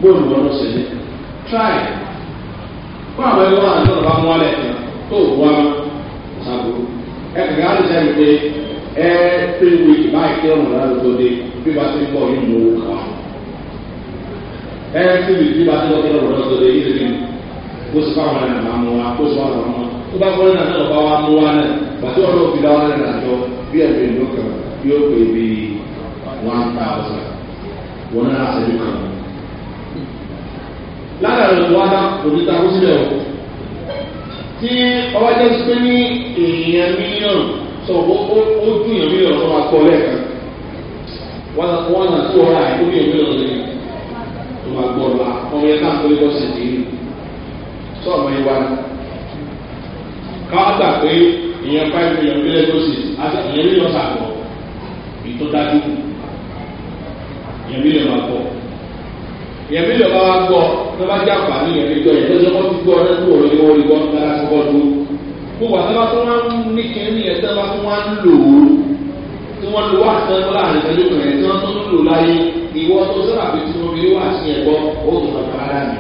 bóòlù wọn lọ sẹ́lẹ̀ tíráì fún àwọn ẹgbẹ́ wọn àti ọ̀rọ̀ bá mú ọlẹ̀ kan tó wù wá ṣàbùrù ẹ kàn ká lè sẹ́yìn pé ẹ pé wíìkì báyìí kí ọ̀rọ̀ náà lọ́dọ̀ dé bí bá ti bọ̀ yìí mú owó kà á ẹ pé wíìkì bí ti bọ̀ kí ọ̀rọ̀ dé yìí lè mú kó sì fáwọn ẹ̀ nà máa mú wa kó sì fáwọn ẹ̀ nà tó bá kọ́ pàtó ọlọ́run fi dáwọ́ rẹ̀ àjọ bí ẹ̀mí ìlú kan yóò pè bí one thousand wọn náà àṣẹjú kan. lára rẹ̀ wá dá òdìta kó sílẹ̀ o tí ọba jẹ́ sí pé ní èèyàn mílíọ̀nù sọ ó dún èèyàn mílíọ̀nù tó máa kọ́ lẹ́ẹ̀kan wọ́n náà tó ọ̀rá ẹ̀ tó èèyàn mílíọ̀nù lẹ́yìn tó máa gbọ́ ọ̀la ọmọ yẹn náà tó lọ́sẹ̀ dé sọ́ọ̀mù ẹ̀ wá ká gbà pé èèyàn five million mílẹ̀ tó sì èèyàn mílíọ̀n sàkọ̀ èyí tó dájú èèyàn mílíọ̀n máa gbọ́ èèyàn mílíọ̀n máa gbọ́ tó bá jẹ́ àǹfààní èèyàn níjọ yẹn lọ́jọ́ kó ti gbọ́ ọdún tó wọlé wọ́n rí wọ́n dára kọ́kọ́ tó kó wà tó bá tó wá ń ní kẹ́ni ẹ̀ tó bá tó wá ń lò ó tí wọ́n lo wá àtẹ́wọ́ láàrin ẹjọ́ kan ẹ̀ tí wọ́n tó ń lò láyé ìwọ tó sọ́ra fi tí wọ́n fi wá sí ẹ̀gbọ́ ó tún ọ̀gbà rárá mi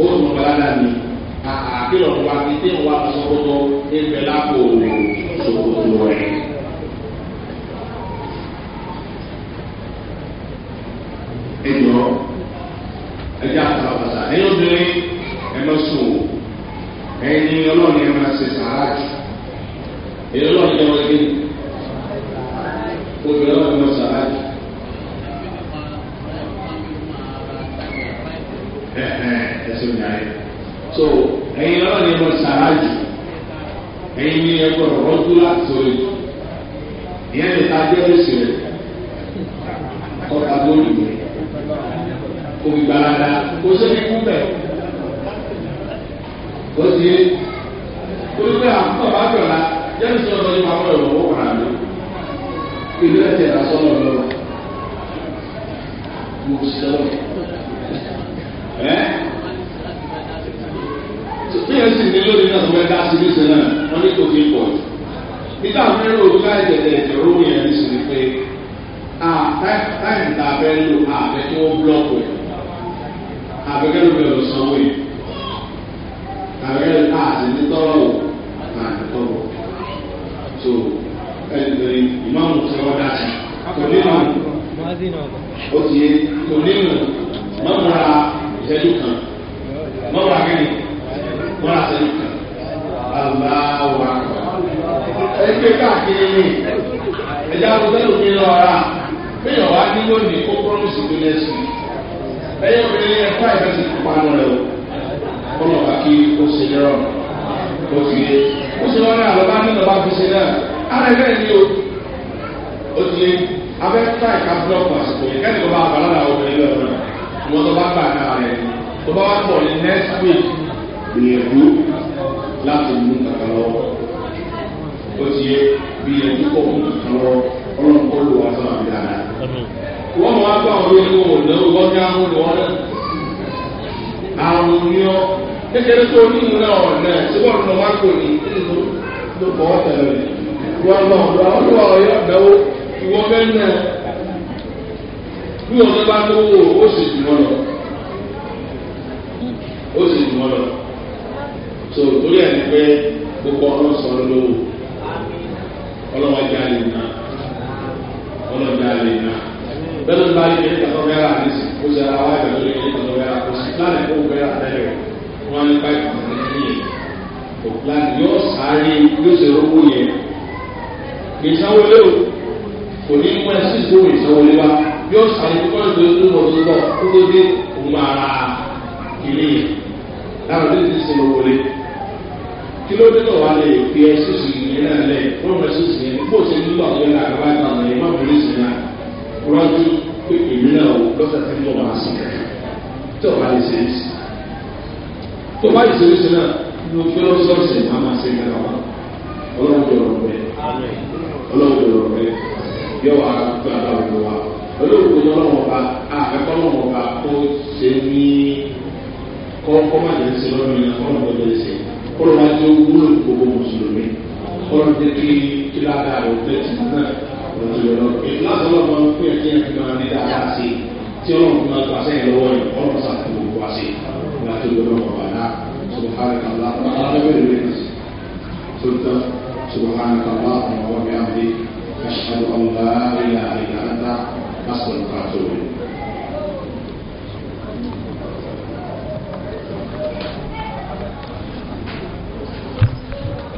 ó tún ọ̀gbà rárá mi àkìlọ̀ wa ti dé wa sọ́kọ́tọ́ ẹgbẹ́ lápò sọ́kọ́tọ́ rẹ̀. ẹjọ́ ẹjọ́ àtàwàtà ẹ̀yìn obìnrin ẹ lọ sùn o ẹ̀yin ọlọ́ọ̀ni ẹ máa ṣe sàárà jù ẹ̀yin ọlọ́ọ̀ni ẹ wọlé obìnrin ọlọ́ọ̀ni ẹ máa sàárà jù. ẹ̀hẹ̀ ẹ̀sùn ìyá yẹn. so ẹyin lọ́wọ́ ni mo sàrà jù ẹ̀yin ni ẹ gbọ́dọ̀ rọ́jú láti ìyẹn lè ta jẹ́ lóṣù rẹ̀ rẹ̀ omi gbalada kò o ti yé àkókò la jẹ́nu sọ̀rọ̀ mi ìlú la sọ̀rọ̀ lọ́wọ́ mo sọ̀rọ̀ bí yẹn sì ní lónìí náà wọ́n dá sí níṣẹ́ náà wọ́n ní kò kí pọ̀ nígbà mẹ́rin òru láì tẹ̀lé ẹ̀jẹ̀ owó yẹn ní sí ni pé táìmù tá a fẹ́ lò àbẹ̀ tó búlọ́ọ̀kù ẹ̀ àbẹ̀kẹ́ ló fẹ́ lọ sanwó yìí àbẹ̀kẹ́ àti nítọ́rọ̀ wò àti tọ́rọ̀ so ẹ̀ẹ́dẹ̀rẹ̀ ìmáàmù tí wọ́n dá sí kò nínú ó ti yé kò nínú mọ́mọ́ra ìṣẹ́jú kan wọ́n ṣe aláwa. ẹgbẹ́ káàkiri ni ẹja ọ̀sẹ̀ ló ní lọ́ra bẹ́ẹ̀ wá ní lónìí kó promise ló lẹ́sìn. ẹyẹ obìnrin ẹ̀fọ́ ìfẹsẹ̀ panu rẹ̀ o kọ́nà bá kí ó ṣe lọ́rọ̀ ó fi lé. ó ṣe wọ́n ní àlọ́bá nínú bá fi ṣe náà ara ẹ̀ bẹ́ẹ̀ ni o ó ti lé abẹ́ ká ìka búlọ́ọ̀kù àsìkò yẹn kẹ́ni kó bá abalá làwọn obìnrin lọ́wọ́ náà ìwọ́n tó bá gbà náà rẹ̀ tó bá wà pọ̀ ní next week gbìyànjú láti mú kàkà lọ ó ti yẹ gbìyànjú kọ̀ mú kàkà lọ ọlọ́run kọ́ ló wá sọ́nà bí dáadáa. wọ́n mú agbá òun ní wọn ò lọ́wọ́ wọ́n ní àwọn olùwọ́n náà. àrùn ni ọ kékeré tó ní ìmúná ọ̀nà tí wọ́n lọ wá kò ní ló bọ̀ ọ́ tẹ̀lé rẹ̀. wọ́n mọ̀ ọ́ lọ́wọ́ ọ̀yọ́ ọ̀dọ́wọ́ ìwọ bẹ́ẹ̀ náà bí wọn bá lówó ó sì dùn wọn lọ so torí ẹ̀ ní pé gbogbo ọlọ́run sọ lówó ọlọ́run ajá lè nà ọlọ́run ajá lè nà bẹ́ẹ̀ ló ń bá ilé ìtàn tó fẹ́ràn ní sí kó sẹ́ra wá ìgbà tó lè ilé ìtàn tó fẹ́ràn kó sí láti kó fẹ́ràn tẹ́lẹ̀ wọ́n á ní báyìí tó ní yẹn kò láti yóò sáré yóò ṣe rówó yẹn kì í sanwó lé o kò ní mú ẹsí ìṣòwò ìṣòwò lé wa yóò sáré kó kọ́ ìṣòwò tó lọ tó bọ̀ kó tó dé òun ara ilé yẹn láwọn tó ti ṣe lówó lé kí ló dé tó wà lè fi ẹsẹ̀ sì yẹn náà lẹ̀ wọ́n fẹ́ sì yẹn bó ṣe nílò àwọn ẹ̀rọ àgbà àtàwọn ẹ̀rọ ìbílẹ̀ sì náà rọ́jú pé èmi náà ò lọ́sẹ̀ tí mo máa sì kẹ́kẹ́ tí ọba lè ṣe é sí. tó bá lè ṣe é sí náà ní o fẹ́ lọ́sọ̀ọ̀sẹ̀ máa máa ṣe kẹ́kẹ́ wa ọlọ́run jọ rọ̀ bẹ́ẹ̀ ọlọ́run ọba àkẹ́kọ̀ọ́ ọlọ́run ọba ó ṣe ní kọ́ kọ́ má jẹ́ ṣe lọ́rùn yẹn ọlọ́run ọba ó ṣe kọ́lọ́ máa jẹ́ wúlò gbogbo mùsùlùmí kọ́lọ́ jẹ́ kí kíláàdà rẹ̀ tẹ̀ tì náà lọ́jọ́ ìlànà ọlọ́mọ fún ẹ̀kí ẹ̀kí máa ní dáadáa sí tí ọlọ́run máa gbà sẹ́yìn lọ́wọ́ yìí ọlọ́run sàkóso gbogbo wa sí láti lọ́wọ́ bàbá náà subhanaka allahumma wa bihamdika sultan subhanaka allahumma wa bihamdika ashhadu an la ilaha illa anta astaghfiruka wa atubu ilayk